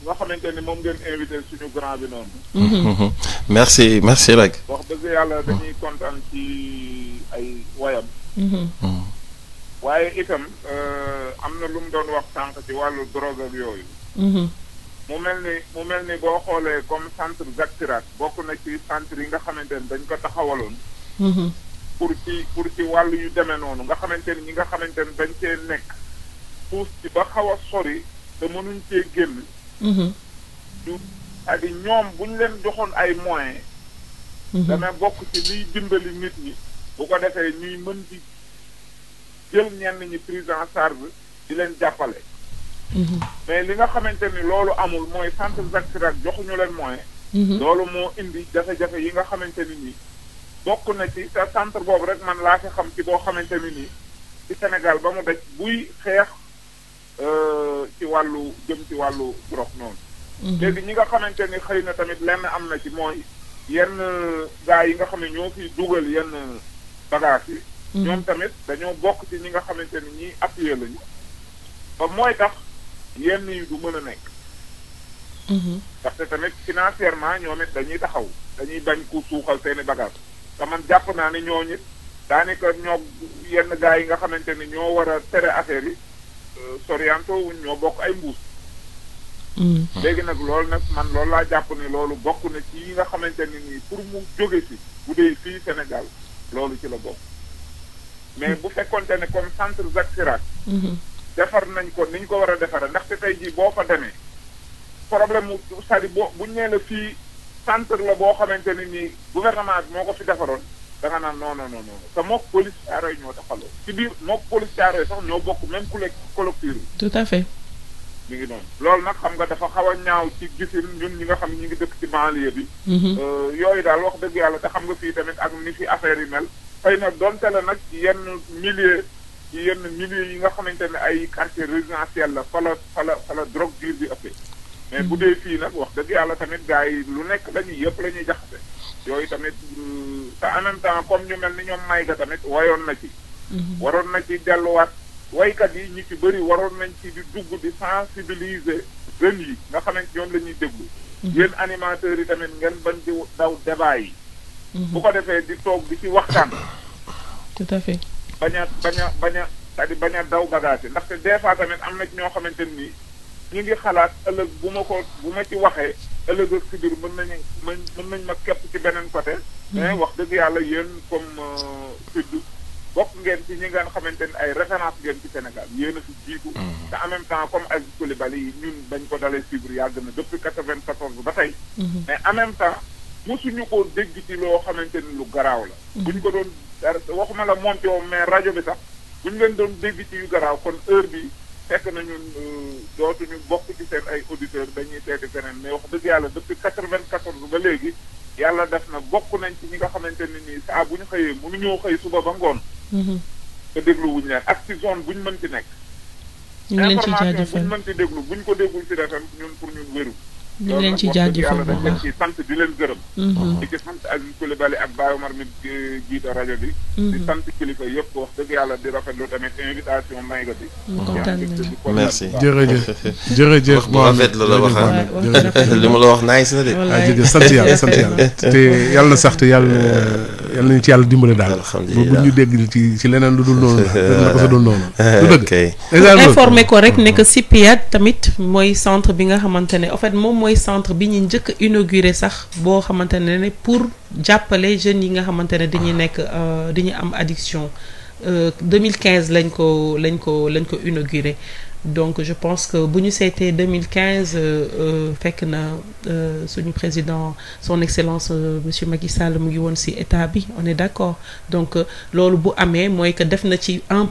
nga xamante ni moom ngeen invité suñu grand bi noonu. Mhm. Mhm. merci merci rek. wax dëgg yàlla dañuy kontaan ci ay wayam. waaye itam euh, am na lu mu doon wax sànq ci wàllu drogue ak yooyu. mu mel ni mu mel ni boo xoolee comme centre Zakirat bokk na ci centre yi nga xamante ni dañ ko taxawaloon. pour ci pour ci wàll yu demee noonu nga xamante ni ñi nga xamante ni dañ cee nekk puus ci ba xaw a sori te mënuñ cee génn mm-hmm. du ak ñoom buñ leen joxoon ay moyens mm-hmm. dana bokk ci liy dimbali nit ñi bu ko defee ñuy mën di jël ñenn ñi prise en charge di leen jàppale mm-hmm. mais li nga xamante ni loolu amul mooy centre Jacques Chirac joxuñu leen moyen loolu moo indi jafe-jafe yi nga xamante nii bokk na ci centre boobu rek man laa fi xam ci boo xamante ni nii ci Sénégal ba mu daj buy xeex euh, ci wàllu jëm ci wàllu drogue noonu. Mhm. léegi ñi nga xamante ni xëy na tamit lenn am na ci mooy yenn euh, gars yi nga xam ne ñoo fi dugal yenn euh, bagages yi. Mhm. ñoom tamit dañoo bokk ci ñi nga xamante ni ñiy appuyer lañu. ba mooy tax yenn yi du mën a nekk. Mhm. parce que tamit financièrement ñoom it dañuy taxaw dañuy bañ ku suuxal seeni bagages. te man jàpp naa ne ñooñu daanaka ñoo yenn gars yi nga xamante ni ñoo war tere affaire yi euh, sorianto wuñ ñoo bokk ay mbuus. Mm. léegi nag loolu nag man loolu laa jàpp ni loolu bokk na ci yi nga xamante ni nii pour mu jóge si bu fii Sénégal loolu ci la bokk. mais bu fekkonte ne comme centre Jacques Chirac. Mm-hmm. defar nañ ko ni ñu ko war a defaree ndaxte tey jii boo fa demee problème mu cest boo buñ nee la fii. centre la boo xamante ne nii gouvernement bi moo ko fi defaroon da naan non non non non te mook police Thiaroye ñoo taxaloo ci biir mook police Thiaroye sax ñoo bokk même collect collecteur yi. tout à fait. mi ngi noonu loolu nag xam nga dafa xaw a ñaaw ci gisin ñun ñi nga xam ñu ngi dëkk ci banlieue bi. Mhm. Euh, yooyu daal wax dëgg yàlla te xam nga fii tamit ak ni fi affaire yi mel. xëy na donte la nag ci yenn milieu ci yenn milieu yi nga xamante ne ay quartier résidentiel la fa la fa la bi ëppee. mais bu dee fii nag wax dëgg yàlla tamit gaa yi lu nekk la yëpp lañuy ñuy jaxase yooyu tamit mm, te en même temps comme ñu mel ni ñoom Mayga tamit wayoon na ci. Mhm. waroon na ci delluwaat waykat yi ñu ci bëri waroon nañ ci di dugg di sensibiliser jeunes yi nga xamante ñoom lañuy ñuy déglu. Mhm. yéen animateurs yi tamit ngeen bañ di daw débat yi. Mhm. bu ko defee di toog di ci waxtaan. tout à fait. bañ a bañ a bañ bañ a daw bagage yi ndaxte des fois tamit am na ci ñoo xamante ni. ñu ngi xalaat ëllëg bu ma ko bu ma ci waxee ëllëg ak si biir mën nañu mën nañ ma képp ci beneen côté. Mm-hmm. mais wax dëgg yàlla yéen comme euh, Sud bokk ngeen ci ñi nga xamante ni ay référence ngeen ci Sénégal yéen a fi jiitu. Mm-hmm. te en même temps comme Aziz yi ñun bañ ko dalee suivre yàgg na depuis 94 ba tey. Mm-hmm. mais en même temps mosuñu ko dégg ci loo xamante ni lu garaaw la. buñ ko doon waxuma la moom ci mais rajo bi sax buñ leen doon dégg ci garaaw kon bi fekk nañu euh, ñu bokk ci seen ay auditeurs dañuy seeti feneen mais wax dëgg yàlla depuis 94 ba léegi yàlla def na bokk nañ ci ñi nga xamante ne nii saa bu ñu xëyee mënuñoo xëy suba ba ngoon. Mhm. te déglu wuñu leen ak ci zone bu ñu mën ci nekk. ñu ngi ñu mën ci déglu bu ko déggul ci RFM ñun pour ñun wéru. di leen ci jaajëfal bu baax ci sant di leen gërëm. di ci di sant kilifa yëpp wax dëgg yàlla di rafetlu tamit invitation may nga bi. kontaan nañu merci jërëjëf jërëjëf. bu rafet la la waxal li la wax nice na de. wallaay jërëjëf sant yàlla sant yàlla. te yàlla na sax te yàlla yàlla nañu ci yàlla dimbale daal. alhamdulilah bu ñu dégg ci leneen lu dul noonu la dina ko fa dul noonu. lu dëgg. informé ko rek ne que tamit mooy centre bi nga xamante ne moom mooy mooy centre bi ñu njëkk inauguré sax boo xamante ne ne pour jàppale jeunes yi nga xamante ne dañuy nekk euh, dañuy am addiction 2015 euh, lañ ko lañ ko lañ ko inauguré donc je pense que bu ñu seetee 2015 euh, fekk na suñu président son excellence monsieur Macky Sall mu ngi woon ci état bi on est d'accord donc loolu bu amee mooy que def na ci un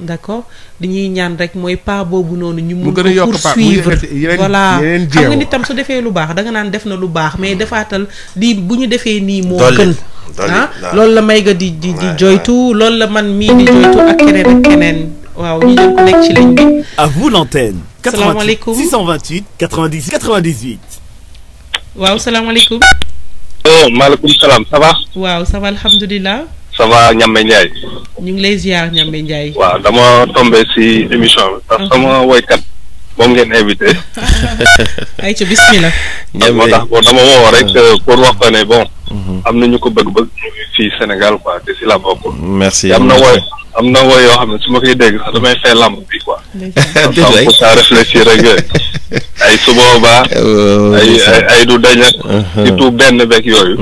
d' accord li ñuy ñaan rek mooy pas boobu noonu. ñu mun ko poursuivre voilà xam nga ni tam su defee lu baax danga naan def na lu baax mais defaatal lii bu ñu defee nii moo gën. ah loolu la may ga di di di joytu loolu la man mii di joytu ak keneen ak keneen waaw ñu ñëw ko nekk ci ligne bi. à vous l' waaw salaamaaleykum. Oh, maaleykum salaam ça va. waaw ça va ça va Ñambe Ndiaye. ñu ngi lay ziar Ñambe Ndiaye. waaw dama tombé si émission bi. parce que mhm. sama woykat moom ngeen invité. ay ci bismillah. moo tax bon dama woo rek euh, pour wax ko ne bon. Mhm. am na ñu ko bëgg-bëgg fii Sénégal quoi te si la bokk. merci am na woy am na woy yoo xam ne su ma koy dégg sax damay fay lamb bi quoi. dëgg la ça réfléchir rek yooyu. ay su boobaa. Oh, ay ay du dañ ak. Mhm. surtout benn beeg yooyu.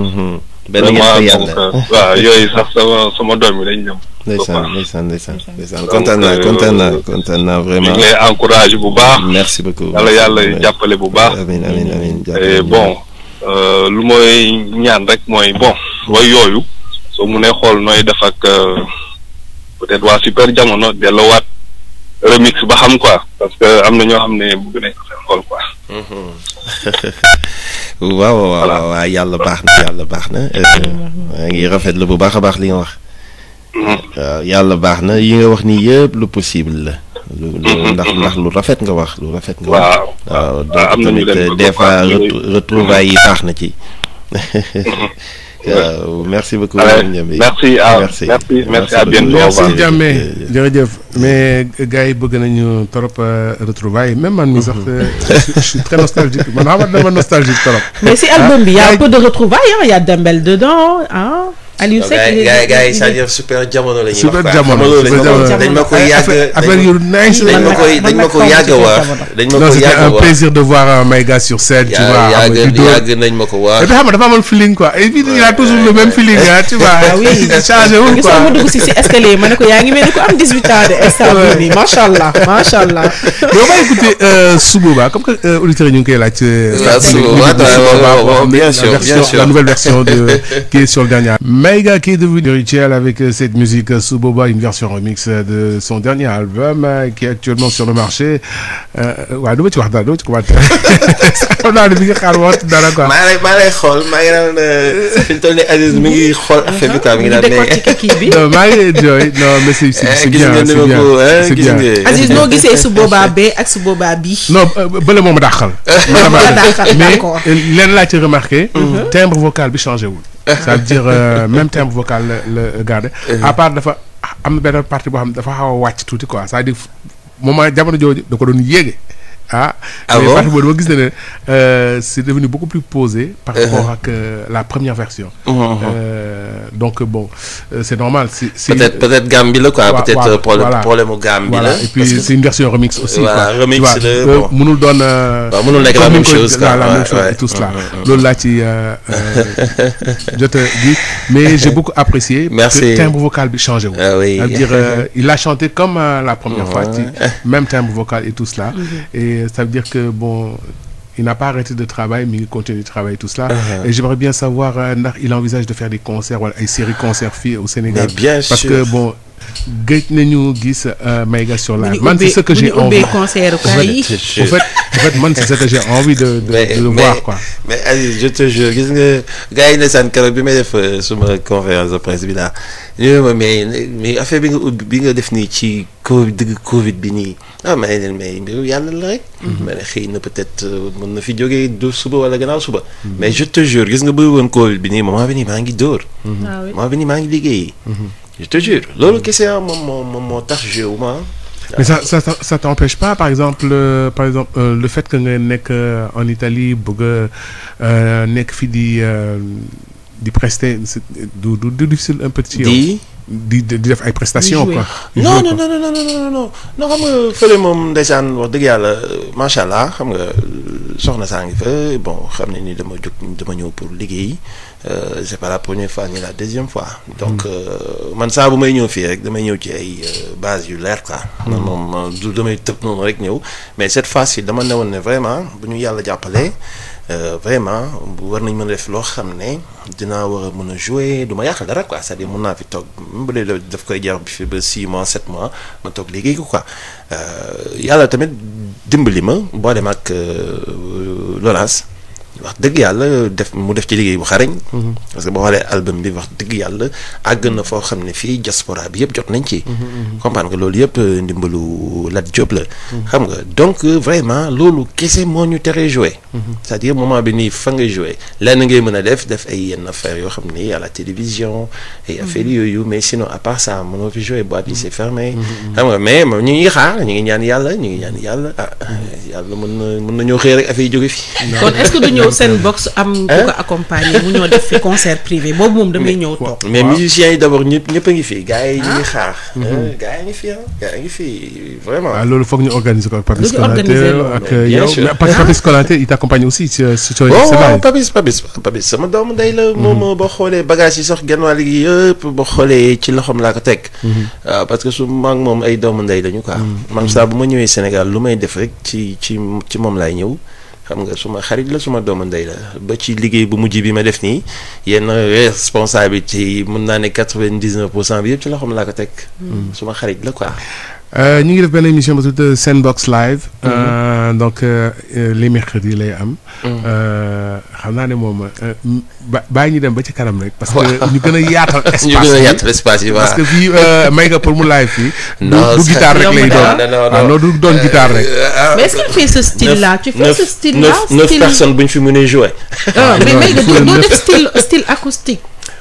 benn ñett yàlla waaw yooyu sax sama sama doom yi lañ ñëw. ndeysaan ndeysaan ndeysaan ndeysaan kontaan naa euh, kontaan naa kontaan naa vraiment. ñu ngi lay encouragé bu baax. merci beaucoup yàlla yàlla jàppale bu baax. amiin amiin amiin lu mooy ñaan rek mooy bon way yooyu soo mu munee xool nooy def ak euh, peut-être waa super jamono delloowaat. remix ba xam quoi parce am na ñoo xam ne bëgg nañ ko seen xol quoi. waaw waaw waaw yàlla baax na yàlla baax na. Euh, maa ngi rafetlu bu baax a baax li nga wax. Mm-hmm. yàlla baax na yi nga wax nii yëpp lu possible la. lu mm-hmm. ndax ndax lu rafet nga wax lu rafet nga. waaw waaw ah, donc tamit fois retrouvailles yi baax na ci. Mm-hmm. waaw euh, merci beaucoup. merci à ah, merci merci à bientôt. merci Jammé jërëjëf mais gars yi bëgg nañu trop euh, retrouvailles même man mi sax euh, je album bi y' a ah, un peu de retrouvailles y' a dedans ah. Aliou Seck gars gars jamono la ñuy wax jamono dañ ma koy yàgg affaire yu ma koy ko yàgg wax dañ ma un plaisir de voir euh, Maïga sur scène tu vois yàgg nañ ma ko wax et puis xam nga dafa amoon feeling quoi et puis il a toujours le même feeling ah tu ma dugg si si ma ne ko yaa ngi ko am 18 ans de instant bii nii macha allah macha allah yow ma écouté euh, Sububa comme que euh, auditeurs yi ñu ngi koy laaj Sububa bien sûr bien la nouvelle version de qui est sur le dernier Maïga qui est devenue rituel avec euh, cette musique euh, Suboba, une version remix euh, de son dernier album qui actuellement sur le marché. ci wax dara du ma ci commenté xam naa ne mi ngi xaar wax dara quoi. bi maa ngi jooy eh, bee eh, ak Suboba bii. non bële moom a dàqal. ma dàqal mais lenn laa mhm. vocal bi changé wul. ça veut dire euh, même timbre vocal la la garder. Eh. à part dafa am na benn parti boo xam dafa xaw a wàcc tuuti quoi c'est-à-dire moment jamono jooju da ko doon yéege. ah. ah mais Fatou Mbodj gis na euh, beaucoup plus posé. par uh-huh. rapport euh, la première version. Uh-huh, uh-huh. Euh, donc bon c'est normal si si. peut-être peut-être Gambie la quoi. peut-être problème problème mu Gambie la. et puis c'est une version remix aussi. voilà remix la bon mënul doon. waaw nekk la même chose quoi la même chose et tout cela. Mm, mm, mm. loolu laa mais j'ai beaucoup apprécié. merci que timbre vocal bi changé ah dire il a chanté comme la première fois ci même timbre vocal et tout cela mm-hmm. mais ça veut dire que il n'a pas arrêté de travail mais il continue de travailler tout cela. Uh -huh. et j'aimerais bien savoir euh, ndax il envisage de faire des concerts wala ay séries concerts fii au Sénégal. mais bien parce que bon. gëj ce que j'ai envie de le voir quoi. mais Aziz je te jure gis nga gars bi euh, ma mais mais affaire bi nga ubbi bi Covid dëgg ah mais mais mbiru yàlla la ma ne xëy na peut-être mën na fi jógee du suba wala gannaaw suba. mais je te jure gis nga bëri woon Covid bi nii moment bi nii maa ngi dóor. moment bi nii maa ngi liggéey. je te jure loolu kese ah moom moo moo tax jeu wu ma mais ça t'empêche pas par exemple euh, par exemple euh, le fait que nga nekk euh, en Italie bëgg euh, nekk fi di di prester du du difficile un peu ci di di def ay prestations quoi. non non non non non non non xam nga fële moom ndeysaan wax dëgg yàlla macha allah xam nga soxna saa ngi fa bon xam ne ni dama jóg dama ñëw pour liggéey euh, c'est pas la première fois ni la deuxième fois. donc hmm. euh, man saa bu may ñëw fii rek damay ñëw ci ay euh, base yu leer quoi. Hmm. man moom du damay tëb noonu rek ñëw mais cette fois-ci dama woon ne vraiment bu ñu yàlla jàppalee. Euh, vraiment war nañ mën a loo xam ne dinaa war a mën a jouer du ma yàqal dara quoi c'est-à-dire mën naa fi toog ba léegi daf koy jar bi fi ba 6 mois 7 mois ma toog liggéey ko quoi euh, yàlla tamit dimbali ma boo dem ak euh, Laurence wax dëgg yàlla def mu def ci liggéey bu xarañ. Mhm. parce que boo xoolee album bi wax dëgg yàlla àgg na foo xam ne fii diaspora bi yëpp jot nañ ci. Mhm, mhm. comprendre nga loolu yëpp euh, ndimbalu Lat Diop la. xam nga donc euh, vraiment loolu kese moo ñu teree joué. c'est-à-dire moment bi nii fa nga joué lenn ngay mën def def ay yenn affaires yoo xam ni à la télévision. ay affaires yooyu mais sinon à part ça mënoo fi joué boîte yi c'est xam nga mais moom ñu ngi xaar ñu ngi ñaan yàlla ñu ngi ñaan yàlla ah yàlla mën na mën na ñoo xëy rek affaire yi jóge fi. ñoom seen box am ku ko accompagner mu ñoo def fi concert privé boobu moom damay ñëw toog. mais musiciens yi d' ngi fi gars yi ah. mhm. vraiment. Ah, loolu foog ñu organiser ko ak Papis Konaté ak yow mais ah. Papis Konaté il t' accompagne aussi oh, mhm. xoolee bagages yi sax genn wàll gi yëpp boo xoolee ci loxoom laa ko teg. Mhm. parce que su ma moom ay doomu ndey lañu quoi. man saa bu ma ñëwee Sénégal lu may def rek ci ci ci moom laay ñëw. xam nga suma xarit la suma doomu ndey la ba ci liggéey bu mujj bi ma def nii yenn responsabilité yi mën naa ne quatre-vingt-dix-neuf pour cent bi yëpp ci loxoom laa ko teg. Hmm. suma xarit la quoi. Euh, ñu ngi def benn émission bu tudd Senbox Live. Euh, mhm. donc euh, li mercredi lay am. Mhm. xam naa ne moom ba bàyyi ñu dem ba ci kanam rek. parce que ñu gën yaatal. espace gën a yaatal espace yi parce que fii may pour mu live fii. non du rek lay doon ah, non du doon guitare rek. mais est-ce que fais bu ñu fi mënee jouer. Ah, ah, mais may nga doo def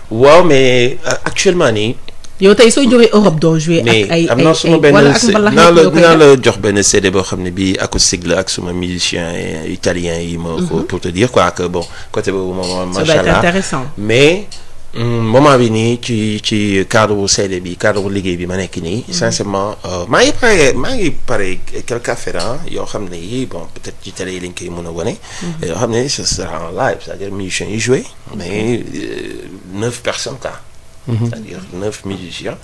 waaw mais actuellement nii. yow tey sooy jógee Europe doo joué. ak ay am na suma benn la naa benn CD boo xam ne bii acoustique la ak suma musicien italien yi ma. ko mhm. pour te dire quoi que bon côté boobu moom macha allah mais. Mm, bi nii ci ci cadre CD bi cadre liggéey bi ma nekk nii. Mhm. sincèrement euh, maa ngi pare maa ngi pare quelques affaires yoo xam ne yii bon peut-être ci télé yi lañ koy mën a wane. Mhm. yoo xam ne ce sera en live c'est-à-dire yi joué mais euh, neuf personnes quoi. Mm-hmm. c'est-à-dire neuf musiciens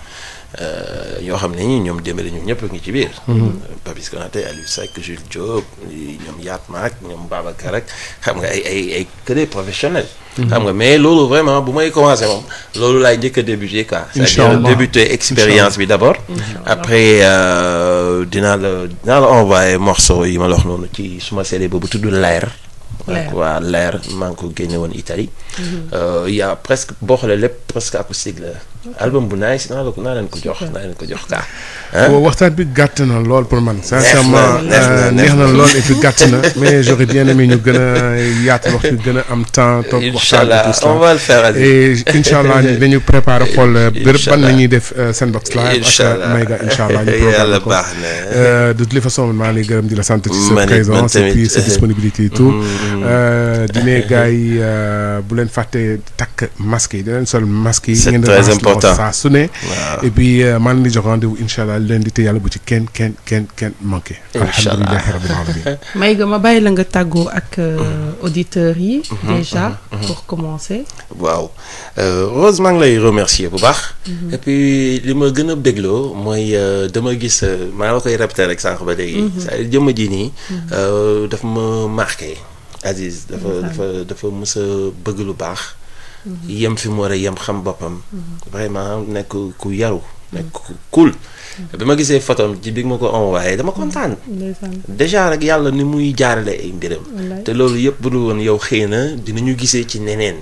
euh, yoo xam ne ñi ñoom Dembélé ñoom ñëpp ngi ci biir. Mm-hmm. Papis Konaté Aliou Seck Jules Diop ñoom Yatma ak ñoom Babacar ak xam nga ay ay ay que des professionnels. Mm-hmm. xam nga mais loolu vraiment bu may commencé moom loolu laay njëkk a débuté quoi. c'est-à-dire débuté expérience bi d'abord. après euh, dinaa la dinaa la envoyé morceau yi ma la wax noonu ci su ma CD boobu tudd L'air. ak waa leer maa ngi ko génne woon Italie mhm. euh, yaa presque boo xoolee lépp presque acoustique la album bu nice naa la ko naa leen ko jox naa leen waxtaan bi gàtt na lool pour man sincèrement neex euh, na lool et puis gàtt na mais j'aurais bien aimé ñu gën a gën am temps toog waxtaan bi tout ça on va le faire et incha allah ñu dañu préparer xool euh, la ñuy def seen box live ak Maïga de toutes les façons maa ngi lay gërëm di la sant ci sa présence et puis Euh, di ne gars euh, bu leen fàtte takk masque yi di sol masque yi. c'est très important saa su ne. et puis euh, maa di jox rendez leen di allah te yàlla bu ci kenn kenn kenn kenn manqué. incha ma bàyyi la nga tàggoo ak auditeurs yi. Mm-hmm, mm-hmm, déjà mm-hmm. pour commencer. waaw Rose maa lay remercier bu baax. et li ma gën a bégloo mooy dama gis maa la koy répéter rek ba léegi. c'est-à-dire jëmm ji nii. daf ma marqué. Aziz dafa dafa dafa mës a bëgg lu baax mhm. yem fi mu war a yem xam boppam mhm. vraiment nekk ku yaru nekk kul mhm. bi ma gisee photom ci bi ma ko envoyé dama kontaan déjà rek yàlla ni muy jaarale ay mbiram te loolu yëpp bu woon yow xëy na dinañu gisee ci neneen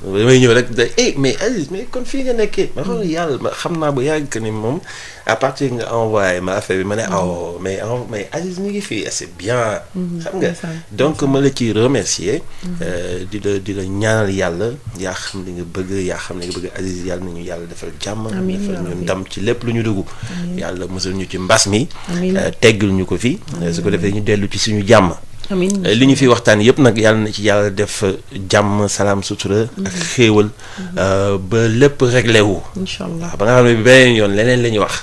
damay ñëw rek day eh, mais Aziz mais kon fii nga nekkee. ma xam yàlla ma xam naa bu yàgg ni moom à partir nga envoyé ma affaire bi ma ne aw oh, mais mais Aziz ngi fii c'est bien. Mhm, xam nga donc ma la ciy remercier. Mhm. Euh, di la di la ñaanal yàlla yaa xam li nga bëgg yaa xam li nga bëgg Aziz yàlla nañu yàlla defal jàmm. defal ñu ndam ci lépp lu ñu dugg. yàlla musal ñu ci mbas mi. Euh, teggil ñu ko fi. su ko defee ñu dellu ci suñu jàmm. amiin eh, li ñu fi waxtaan yëpp nag yàlla na ci yàlla def eh, jàmm salaam sutura. ak mhm. xéewal. Mhm. Eh, ba lépp réglé wu. incha ba nga xam ne bi yoon leneen la ñuy wax.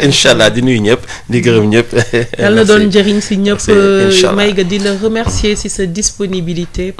incha allah di nuyu ñëpp di gërëm ñëpp. yàlla doon njëriñ si ñëpp. may ga di la remercier si sa disponibilité.